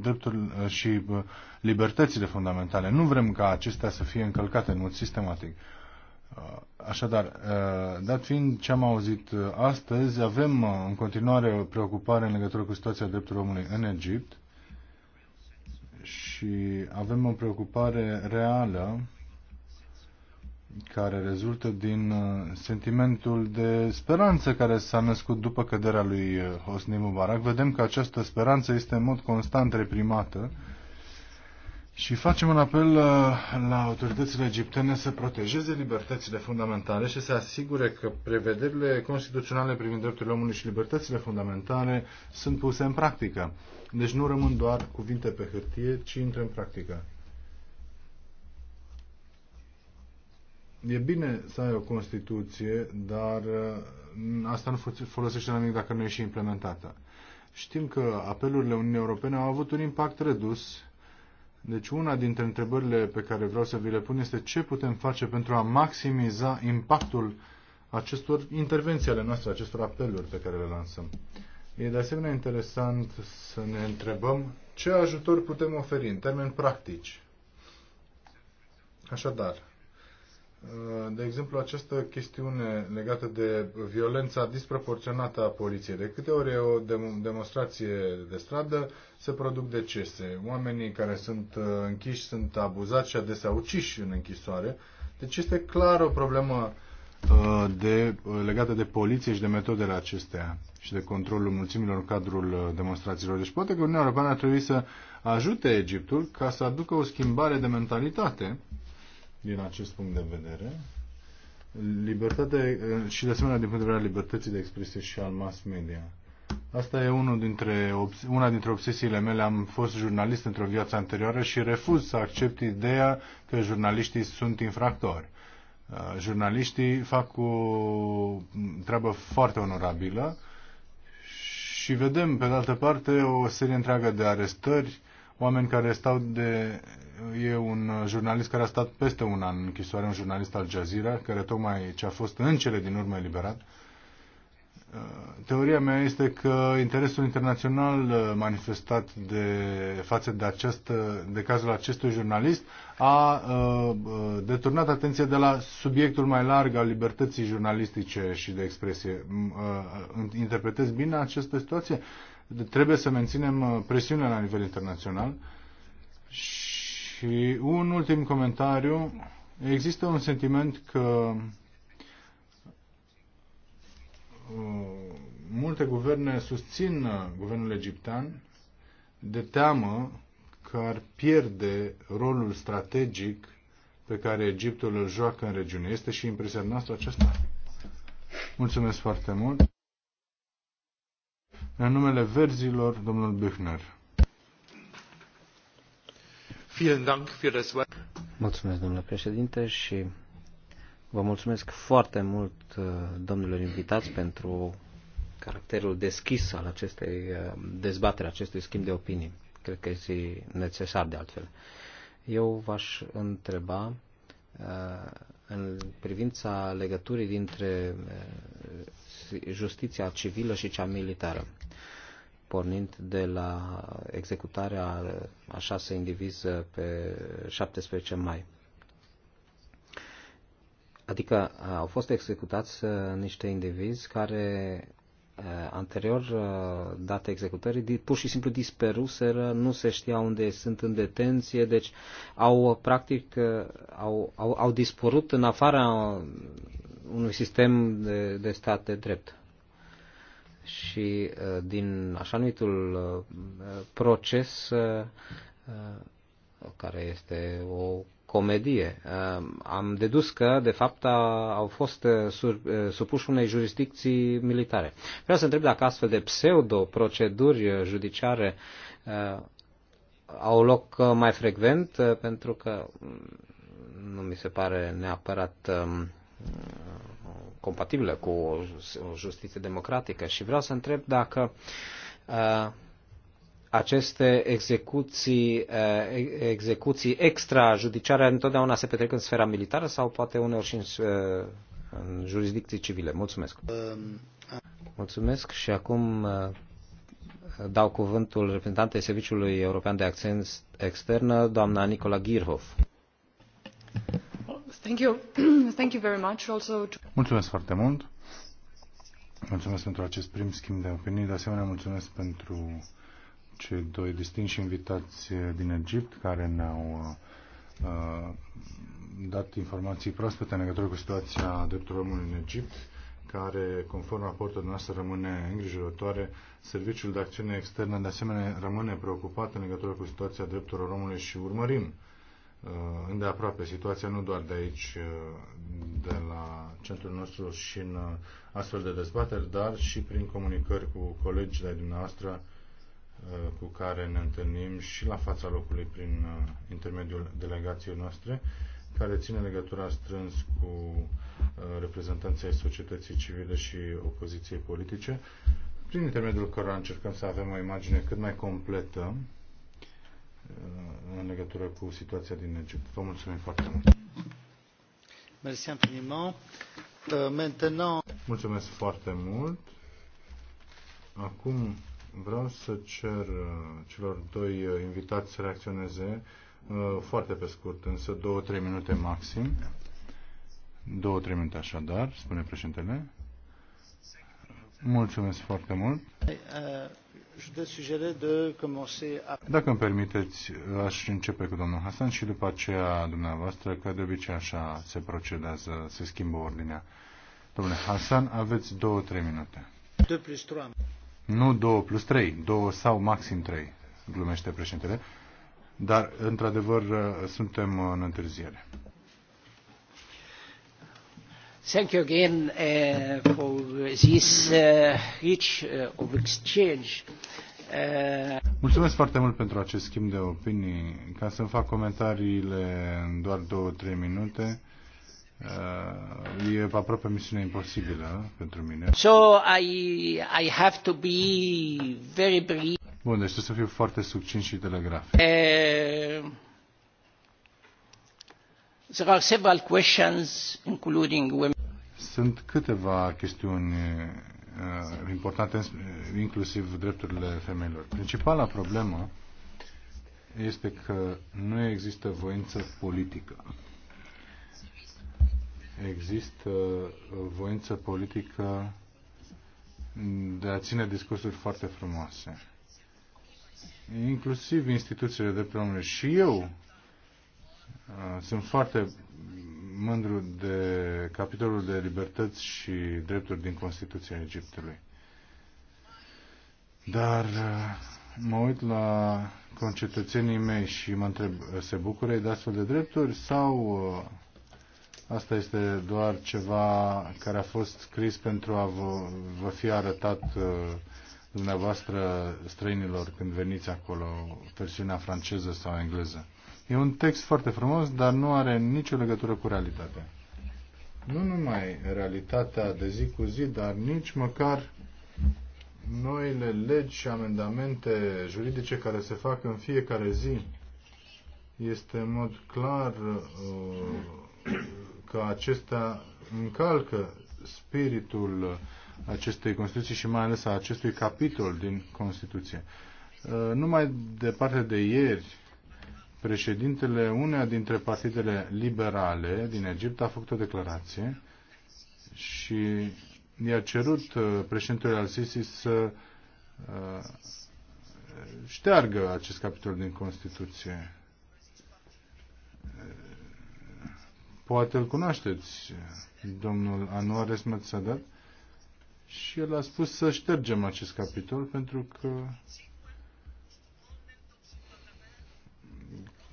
drepturile, și uh, libertățile fundamentale. Nu vrem ca acestea să fie încălcate în mod sistematic. Uh, așadar, uh, dat fiind ce am auzit astăzi, avem în continuare o preocupare în legătură cu situația drepturilor omului în Egipt și avem o preocupare reală care rezultă din uh, sentimentul de speranță care s-a născut după căderea lui uh, Hosni Mubarak. Vedem că această speranță este în mod constant reprimată și facem un apel uh, la autoritățile egiptene să protejeze libertățile fundamentale și să asigure că prevederile constituționale privind drepturile omului și libertățile fundamentale sunt puse în practică. Deci nu rămân doar cuvinte pe hârtie, ci intră în practică. E bine să ai o Constituție, dar uh, asta nu folosește nimic dacă nu e și implementată. Știm că apelurile Uniunii Europene au avut un impact redus deci una dintre întrebările pe care vreau să vi le pun este ce putem face pentru a maximiza impactul acestor intervenții ale noastre, acestor apeluri pe care le lansăm. E de asemenea interesant să ne întrebăm ce ajutor putem oferi în termeni practici. Așadar, Uh, de exemplu, această chestiune legată de violența disproporționată a poliției. De câte ori e o demonstrație de stradă, se produc decese. Oamenii care sunt uh, închiși sunt abuzați și adesea uciși în închisoare. Deci este clar o problemă uh, de, legată de poliție și de metodele acestea și de controlul mulțimilor în cadrul demonstrațiilor. Deci poate că Uniunea Europeană ar trebui să ajute Egiptul ca să aducă o schimbare de mentalitate din acest punct de vedere. libertate și de asemenea din punct de vedere a libertății de expresie și al mass media. Asta e unul dintre, una dintre obsesiile mele. Am fost jurnalist într-o viață anterioară și refuz să accept ideea că jurnaliștii sunt infractori. Uh, jurnaliștii fac o treabă foarte onorabilă și vedem, pe de altă parte, o serie întreagă de arestări oameni care stau de... E un jurnalist care a stat peste un an în închisoare, un jurnalist al Jazeera, care tocmai ce a fost în cele din urmă eliberat. Uh, teoria mea este că interesul internațional uh, manifestat de, față de, acest, de cazul acestui jurnalist a, uh, deturnat atenția de la subiectul mai larg al libertății jurnalistice și de expresie. interpretez bine această situație? Trebuie să menținem uh, presiunea la nivel internațional. Și un ultim comentariu. Există un sentiment că uh, multe guverne susțin uh, guvernul egiptean de teamă că ar pierde rolul strategic pe care Egiptul îl joacă în regiune. Este și impresia noastră aceasta? Mulțumesc foarte mult! În numele verzilor, domnul Büchner. Mulțumesc, domnule președinte, și vă mulțumesc foarte mult, uh, domnilor invitați, pentru caracterul deschis al acestei uh, dezbatere, acestui schimb de opinii. Cred că este necesar de altfel. Eu v-aș întreba uh, în privința legăturii dintre justiția civilă și cea militară pornind de la executarea a șase indivizi pe 17 mai. Adică au fost executați niște indivizi care anterior date executării pur și simplu disperuseră, nu se știa unde sunt în detenție, deci au practic au, au, au dispărut în afara unui sistem de, de stat de drept și uh, din așa numitul uh, proces uh, care este o comedie. Am dedus că, de fapt, au fost supuși unei jurisdicții militare. Vreau să întreb dacă astfel de pseudo-proceduri judiciare au loc mai frecvent, pentru că mm, nu mi se pare neapărat um, compatibilă cu o justiție democratică și vreau să întreb dacă uh, aceste execuții, uh, execuții extrajudiciare întotdeauna se petrec în sfera militară sau poate uneori și în, uh, în jurisdicții civile. Mulțumesc. Mulțumesc și acum dau cuvântul reprezentantei Serviciului European de Acțiuni Externă, doamna Nicola Girhoff. *clears throat* Mulțumesc foarte mult. Mulțumesc pentru acest prim schimb de opinii. De asemenea, mulțumesc pentru cei doi distinși invitați din Egipt care ne-au uh, dat informații proaspete în legătură cu situația drepturilor omului în Egipt, care, conform raportului noastră, rămâne îngrijorătoare. Serviciul de acțiune externă, de asemenea, rămâne preocupat în legătură cu situația drepturilor omului și urmărim Uh, îndeaproape situația, nu doar de aici, uh, de la centrul nostru și în uh, astfel de dezbateri, dar și prin comunicări cu colegi de dumneavoastră cu care ne întâlnim și la fața locului prin intermediul delegației noastre, care ține legătura strâns cu reprezentanții societății civile și opoziției politice, prin intermediul cărora încercăm să avem o imagine cât mai completă în legătură cu situația din Egipt. Vă mulțumim foarte mult. Merci infiniment. Euh, maintenant... Mulțumesc foarte mult. Acum vreau să cer uh, celor doi uh, invitați să reacționeze uh, foarte pe scurt, însă două-trei minute maxim. Două-trei minute așadar, spune președintele. Mulțumesc foarte mult. Uh... Dacă îmi permiteți, aș începe cu domnul Hasan și după aceea dumneavoastră, că de obicei așa se procedează, se schimbă ordinea. Domnule Hasan, aveți două, trei minute. plus Nu două plus trei, două sau maxim trei, glumește președintele. Dar, într-adevăr, suntem în întârziere. Thank you again uh, for this uh, uh, of exchange. Uh, Mulțumesc foarte mult pentru acest schimb de opinii. Ca să fac comentariile în doar două, trei minute, uh, e aproape misiune imposibilă pentru mine. So I, I have to be very brief. Bun, deci trebuie să fiu foarte succint și telegrafic. Uh... There are several questions, including women. Sunt câteva chestiuni uh, importante, uh, inclusiv drepturile femeilor. Principala problemă este că nu există voință politică. Există voință politică de a ține discursuri foarte frumoase. Inclusiv instituțiile de omului. Și eu Uh, sunt foarte mândru de capitolul de libertăți și drepturi din Constituția Egiptului. Dar uh, mă uit la concetățenii mei și mă întreb, uh, se bucură de astfel de drepturi sau asta este doar ceva care a fost scris pentru a vă, vă fi arătat dumneavoastră străinilor când veniți acolo, versiunea franceză sau engleză? E un text foarte frumos, dar nu are nicio legătură cu realitatea. Nu numai realitatea de zi cu zi, dar nici măcar noile legi și amendamente juridice care se fac în fiecare zi. Este în mod clar uh, că acestea încalcă spiritul acestei Constituții și mai ales a acestui capitol din Constituție. Uh, numai departe de ieri președintele uneia dintre partidele liberale din Egipt a făcut o declarație și i-a cerut uh, președintelui al-Sisi să uh, șteargă acest capitol din Constituție. Poate îl cunoașteți, domnul Anwar Esmet Sadat, și el a spus să ștergem acest capitol pentru că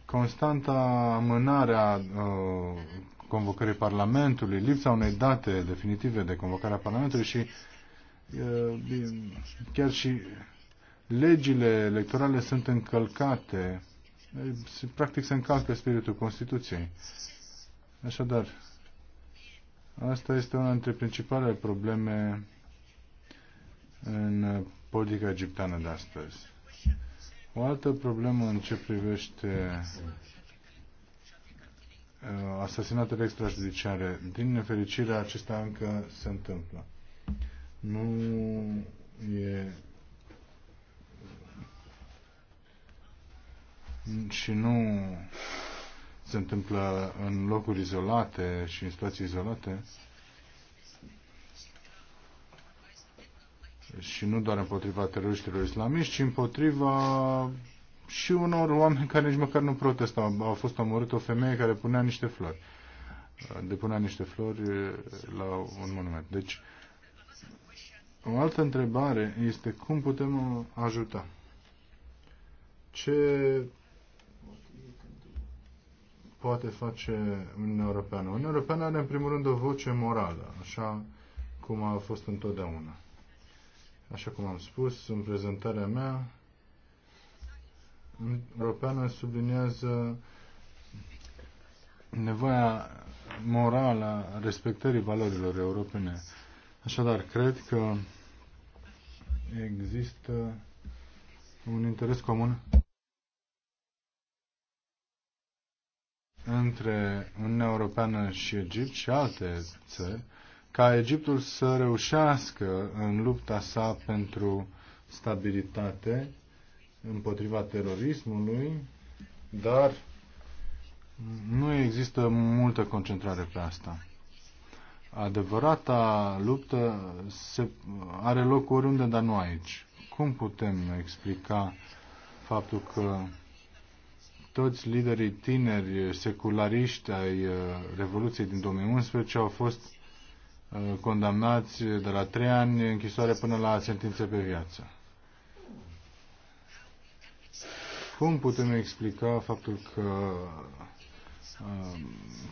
constanta amânarea uh, convocării Parlamentului, lipsa unei date definitive de convocarea Parlamentului și uh, chiar și legile electorale sunt încălcate, practic se încalcă spiritul Constituției. Așadar, asta este una dintre principalele probleme în politica egipteană de astăzi. O altă problemă în ce privește uh, asasinatele extrajudiciare. Din nefericire, acestea încă se întâmplă. Nu e și nu se întâmplă în locuri izolate și în situații izolate, și nu doar împotriva teroriștilor islamiști, ci împotriva și unor oameni care nici măcar nu protestau. A fost omorât o femeie care punea niște flori. Depunea niște flori la un monument. Deci, o altă întrebare este cum putem ajuta? Ce poate face Uniunea Europeană? Uniunea Europeană are în primul rând o voce morală, așa cum a fost întotdeauna. Așa cum am spus în prezentarea mea, Europeană subliniază nevoia morală a respectării valorilor europene. Așadar, cred că există un interes comun între Uniunea Europeană și Egipt și alte țări ca Egiptul să reușească în lupta sa pentru stabilitate împotriva terorismului, dar nu există multă concentrare pe asta. Adevărata luptă se, are loc oriunde, dar nu aici. Cum putem explica faptul că toți liderii tineri seculariști ai uh, Revoluției din 2011 au fost condamnați de la trei ani închisoare până la sentințe pe viață. Cum putem explica faptul că um,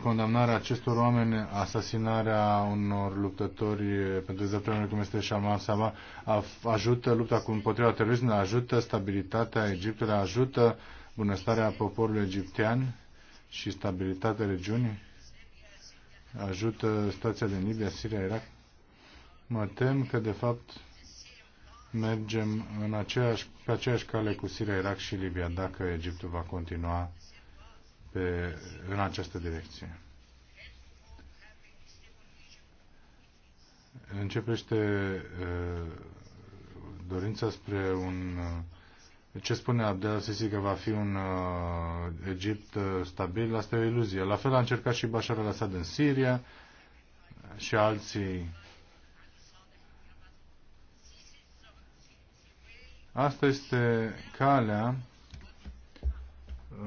condamnarea acestor oameni, asasinarea unor luptători pentru drepturile cum este Shamal Saba, ajută lupta cu împotriva terorismului, ajută stabilitatea Egiptului, ajută bunăstarea poporului egiptean și stabilitatea regiunii? ajută situația din Libia, Siria, Irak, mă tem că, de fapt, mergem în aceeași, pe aceeași cale cu Siria, Irak și Libia, dacă Egiptul va continua pe, în această direcție. Începește uh, dorința spre un uh, ce spune Abdel Sisi că va fi un uh, Egipt uh, stabil, asta e o iluzie. La fel a încercat și Bashar al-Assad în Siria și alții. Asta este calea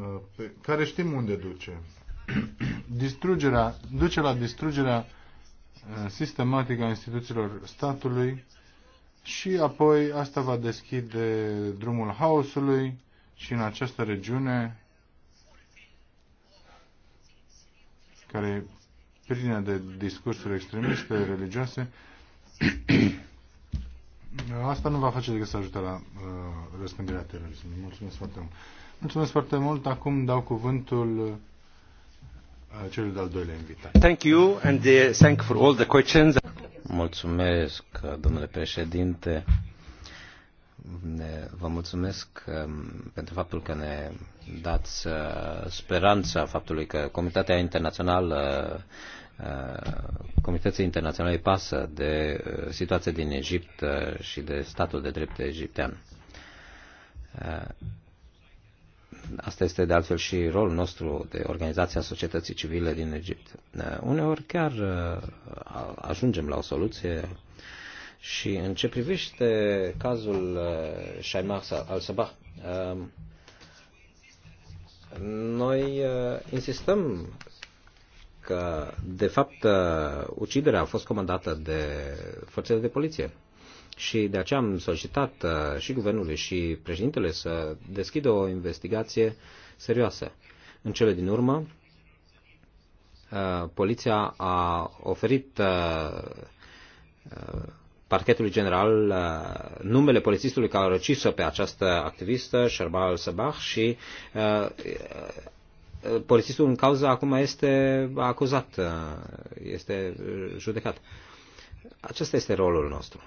uh, pe care știm unde duce. *clears throat* distrugerea, duce la distrugerea uh, sistematică a instituțiilor statului și apoi asta va deschide drumul haosului și în această regiune care prinde de discursuri extremiste, religioase, *clears throat* asta nu va face decât să ajute la uh, răspândirea terorismului. Mulțumesc foarte mult. Mulțumesc foarte mult. Acum dau cuvântul uh, celui de-al doilea invitat. Thank you and uh, thank for all the questions. Mulțumesc, domnule președinte. Vă mulțumesc um, pentru faptul că ne dați uh, speranța faptului că Comitatea Internațională uh, Comității Internaționale pasă de uh, situația din Egipt și de statul de drept egiptean. Asta este de altfel și rolul nostru de organizația societății civile din Egipt. Uneori chiar uh, ajungem la o soluție și în ce privește cazul uh, Shaimar al-Sabah, um, noi uh, insistăm că, de fapt, uciderea a fost comandată de forțele de poliție. Și de aceea am solicitat uh, și guvernului și președintele să deschidă o investigație serioasă. În cele din urmă, uh, poliția a oferit uh, parchetului general numele polițistului care a răcis-o pe această activistă, Sherbal Sabah, și polițistul în cauză acum este acuzat, este judecat. Acesta este rolul nostru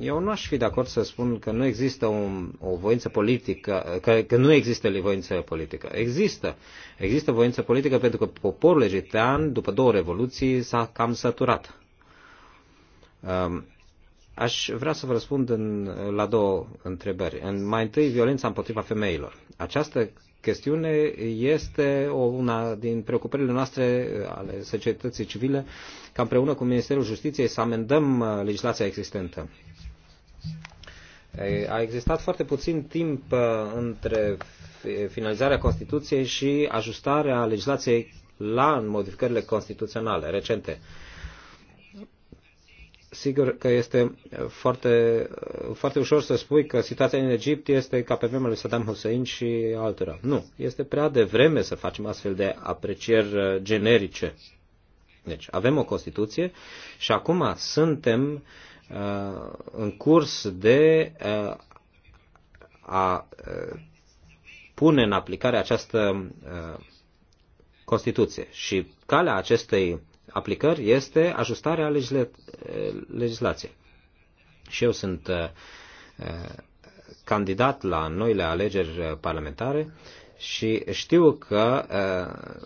eu nu aș fi de acord să spun că nu există o, o voință politică, că, că nu există voință politică. Există. Există voință politică pentru că poporul egiptean, după două revoluții, s-a cam săturat. Um, aș vrea să vă răspund în, la două întrebări. În, mai întâi, violența împotriva femeilor. Această chestiune este una din preocupările noastre ale societății civile ca împreună cu Ministerul Justiției să amendăm uh, legislația existentă. A existat foarte puțin timp uh, între finalizarea Constituției și ajustarea legislației la modificările constituționale recente sigur că este foarte, foarte ușor să spui că situația în Egipt este ca pe vremea lui Saddam Hussein și altora. Nu, este prea devreme să facem astfel de aprecieri uh, generice. Deci avem o Constituție și acum suntem uh, în curs de uh, a uh, pune în aplicare această uh, Constituție. Și calea acestei aplicări este ajustarea legisla- legislației. Și eu sunt uh, uh, candidat la noile alegeri uh, parlamentare și știu că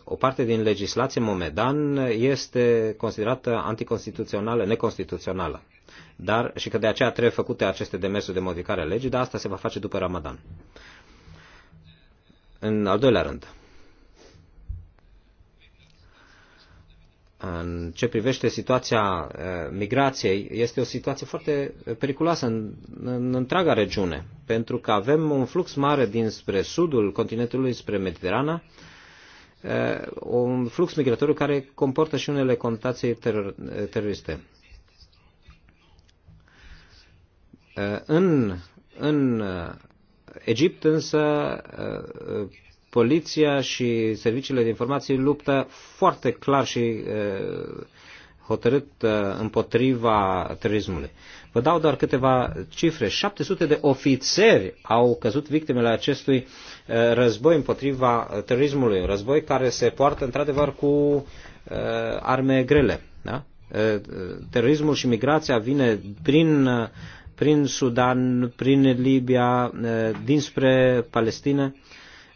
o parte din legislație momedan este considerată anticonstituțională, neconstituțională. Dar, și că de aceea trebuie făcute aceste demersuri de modificare a legii, dar asta se va face după Ramadan. În al doilea rând, în ce privește situația eh, migrației, este o situație foarte periculoasă în, în întreaga regiune, pentru că avem un flux mare dinspre sudul continentului, spre Mediterana, eh, un flux migratoriu care comportă și unele contații ter- eh, teroriste. În, în Egipt însă poliția și serviciile de informații luptă foarte clar și hotărât împotriva terorismului. Vă dau doar câteva cifre. 700 de ofițeri au căzut victimele acestui război împotriva terorismului, un război care se poartă într-adevăr cu arme grele. Da? Terorismul și migrația vine prin, prin Sudan, prin Libia, dinspre Palestina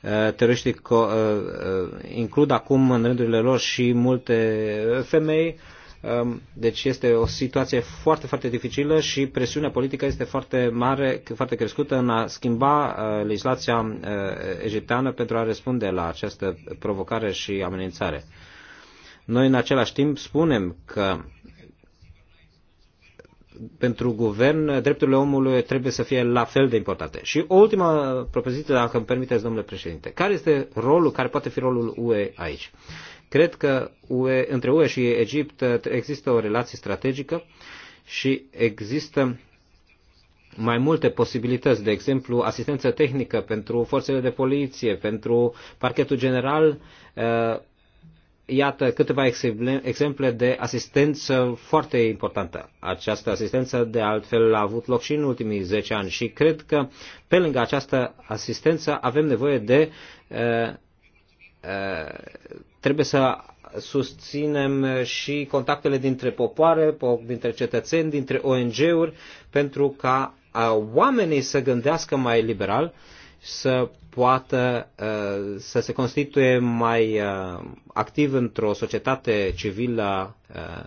Eh, teroriștii eh, eh, includ acum în rândurile lor și multe femei. Ehm, deci este o situație foarte, foarte dificilă și presiunea politică este foarte mare, foarte crescută în a schimba legislația egipteană pentru a răspunde la această provocare și amenințare. Noi în același timp spunem că pentru guvern, drepturile omului trebuie să fie la fel de importante. Și o ultimă propoziție, dacă îmi permiteți, domnule președinte. Care este rolul, care poate fi rolul UE aici? Cred că UE, între UE și Egipt există o relație strategică și există mai multe posibilități, de exemplu, asistență tehnică pentru forțele de poliție, pentru parchetul general, iată câteva exemple de asistență foarte importantă. Această asistență, de altfel, a avut loc și în ultimii 10 ani și cred că, pe lângă această asistență, avem nevoie de. Uh, uh, trebuie să susținem și contactele dintre popoare, dintre cetățeni, dintre ONG-uri, pentru ca uh, oamenii să gândească mai liberal să poată uh, să se constituie mai uh, activ într-o societate civilă uh,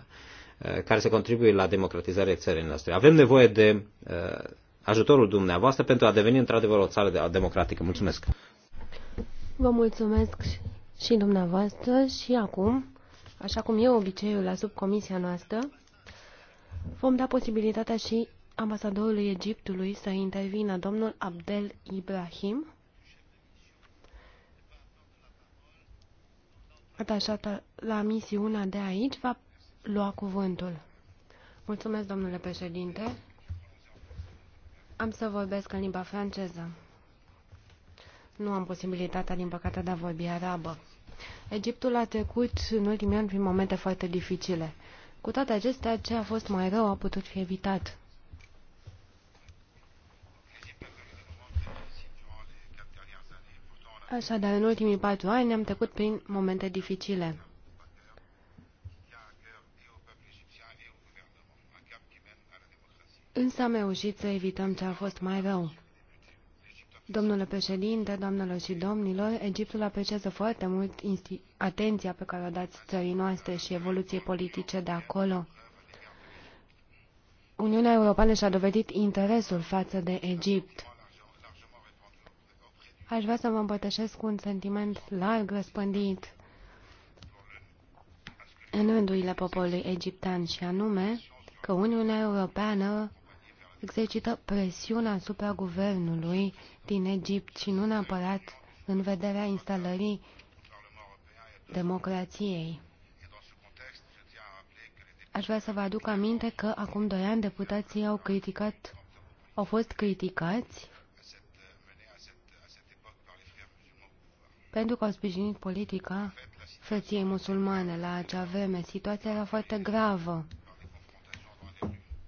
care să contribuie la democratizarea țării noastre. Avem nevoie de ajutorul dumneavoastră pentru a deveni într-adevăr o țară democratică. Mulțumesc! Vă mulțumesc și dumneavoastră și acum, așa cum e obiceiul la subcomisia noastră, vom da posibilitatea și ambasadorului Egiptului să intervină domnul Abdel Ibrahim, atașată la misiunea de aici, va lua cuvântul. Mulțumesc, domnule președinte. Am să vorbesc în limba franceză. Nu am posibilitatea, din păcate, de a vorbi arabă. Egiptul a trecut în ultimii ani prin momente foarte dificile. Cu toate acestea, ce a fost mai rău a putut fi evitat. Așadar, în ultimii patru ani ne-am trecut prin momente dificile. Însă am reușit să evităm ce a fost mai rău. Domnule președinte, doamnelor și domnilor, Egiptul apreciază foarte mult atenția pe care o dați țării noastre și evoluției politice de acolo. Uniunea Europeană și-a dovedit interesul față de Egipt. Aș vrea să vă împărtășesc un sentiment larg răspândit în rândurile poporului egiptean și anume că Uniunea Europeană exercită presiunea asupra guvernului din Egipt și nu neapărat în vederea instalării democrației. Aș vrea să vă aduc aminte că acum doi ani deputații au criticat, au fost criticați pentru că au sprijinit politica frăției musulmane. La acea vreme situația era foarte gravă.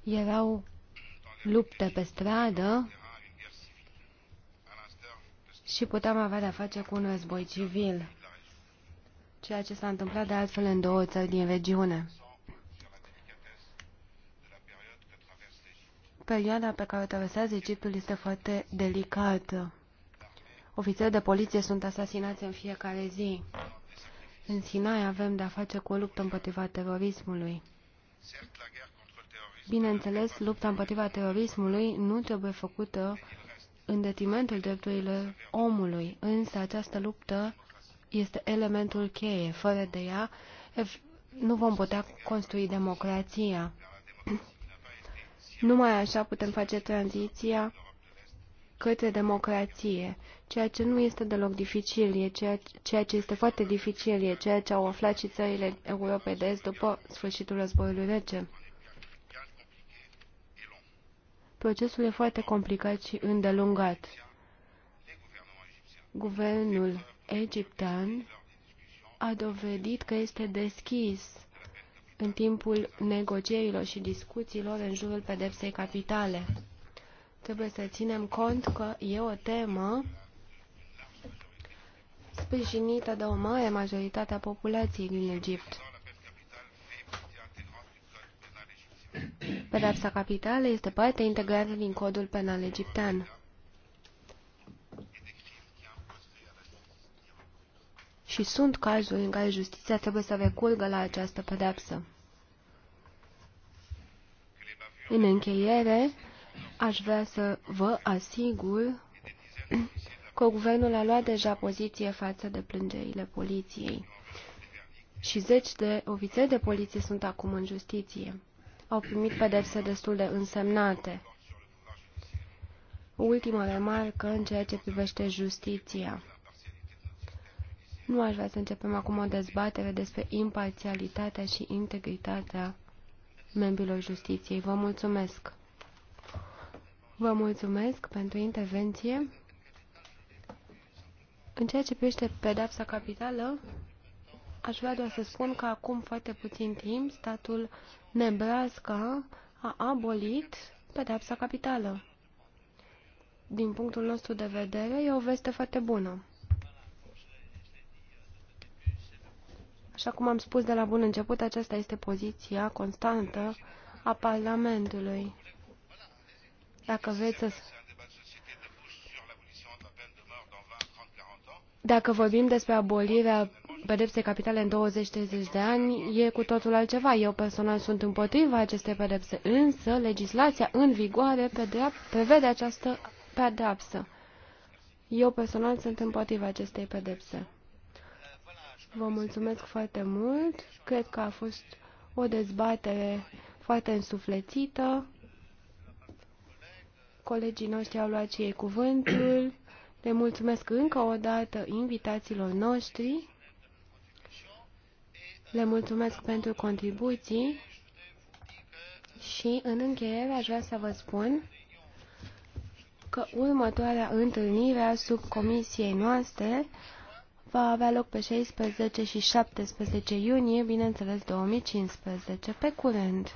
Erau lupte pe stradă și puteam avea de-a face cu un război civil, ceea ce s-a întâmplat de altfel în două țări din regiune. Perioada pe care o traversează Egiptul este foarte delicată. Ofițeri de poliție sunt asasinați în fiecare zi. În Sinai avem de-a face cu o luptă împotriva terorismului. Bineînțeles, lupta împotriva terorismului nu trebuie făcută în detrimentul drepturilor omului, însă această luptă este elementul cheie. Fără de ea, nu vom putea construi democrația. *clears throat* Numai așa putem face tranziția către democrație, ceea ce nu este deloc dificil, e ceea, ceea ce este foarte dificil, e ceea ce au aflat și țările Europei de Est după sfârșitul războiului rece. Procesul e foarte complicat și îndelungat. Guvernul egiptean a dovedit că este deschis în timpul negocierilor și discuțiilor în jurul pedepsei capitale. Trebuie să ținem cont că e o temă sprijinită de o mare majoritate a populației din Egipt. Pedepsa capitală este parte integrantă din codul penal egiptean. Și sunt cazuri în care justiția trebuie să recurgă la această pedepsă. În încheiere, Aș vrea să vă asigur că guvernul a luat deja poziție față de plângerile poliției și zeci de ofițeri de poliție sunt acum în justiție. Au primit pedepse destul de însemnate. Ultima remarcă în ceea ce privește justiția. Nu aș vrea să începem acum o dezbatere despre imparțialitatea și integritatea membrilor justiției. Vă mulțumesc! Vă mulțumesc pentru intervenție. În ceea ce privește pedapsa capitală, aș vrea doar să spun că acum foarte puțin timp statul Nebraska a abolit pedapsa capitală. Din punctul nostru de vedere, e o veste foarte bună. Așa cum am spus de la bun început, aceasta este poziția constantă a Parlamentului. Dacă vreți să... Dacă vorbim despre abolirea pedepsei capitale în 20-30 de ani, e cu totul altceva. Eu personal sunt împotriva acestei pedepse, însă legislația în vigoare prevede această pedepsă. Eu personal sunt împotriva acestei pedepse. Vă mulțumesc foarte mult. Cred că a fost o dezbatere foarte însuflețită. Colegii noștri au luat și ei cuvântul. Le mulțumesc încă o dată invitațiilor noștri. Le mulțumesc pentru contribuții și, în încheiere, aș vrea să vă spun că următoarea întâlnire a subcomisiei noastre va avea loc pe 16 și 17 iunie, bineînțeles 2015. Pe curând!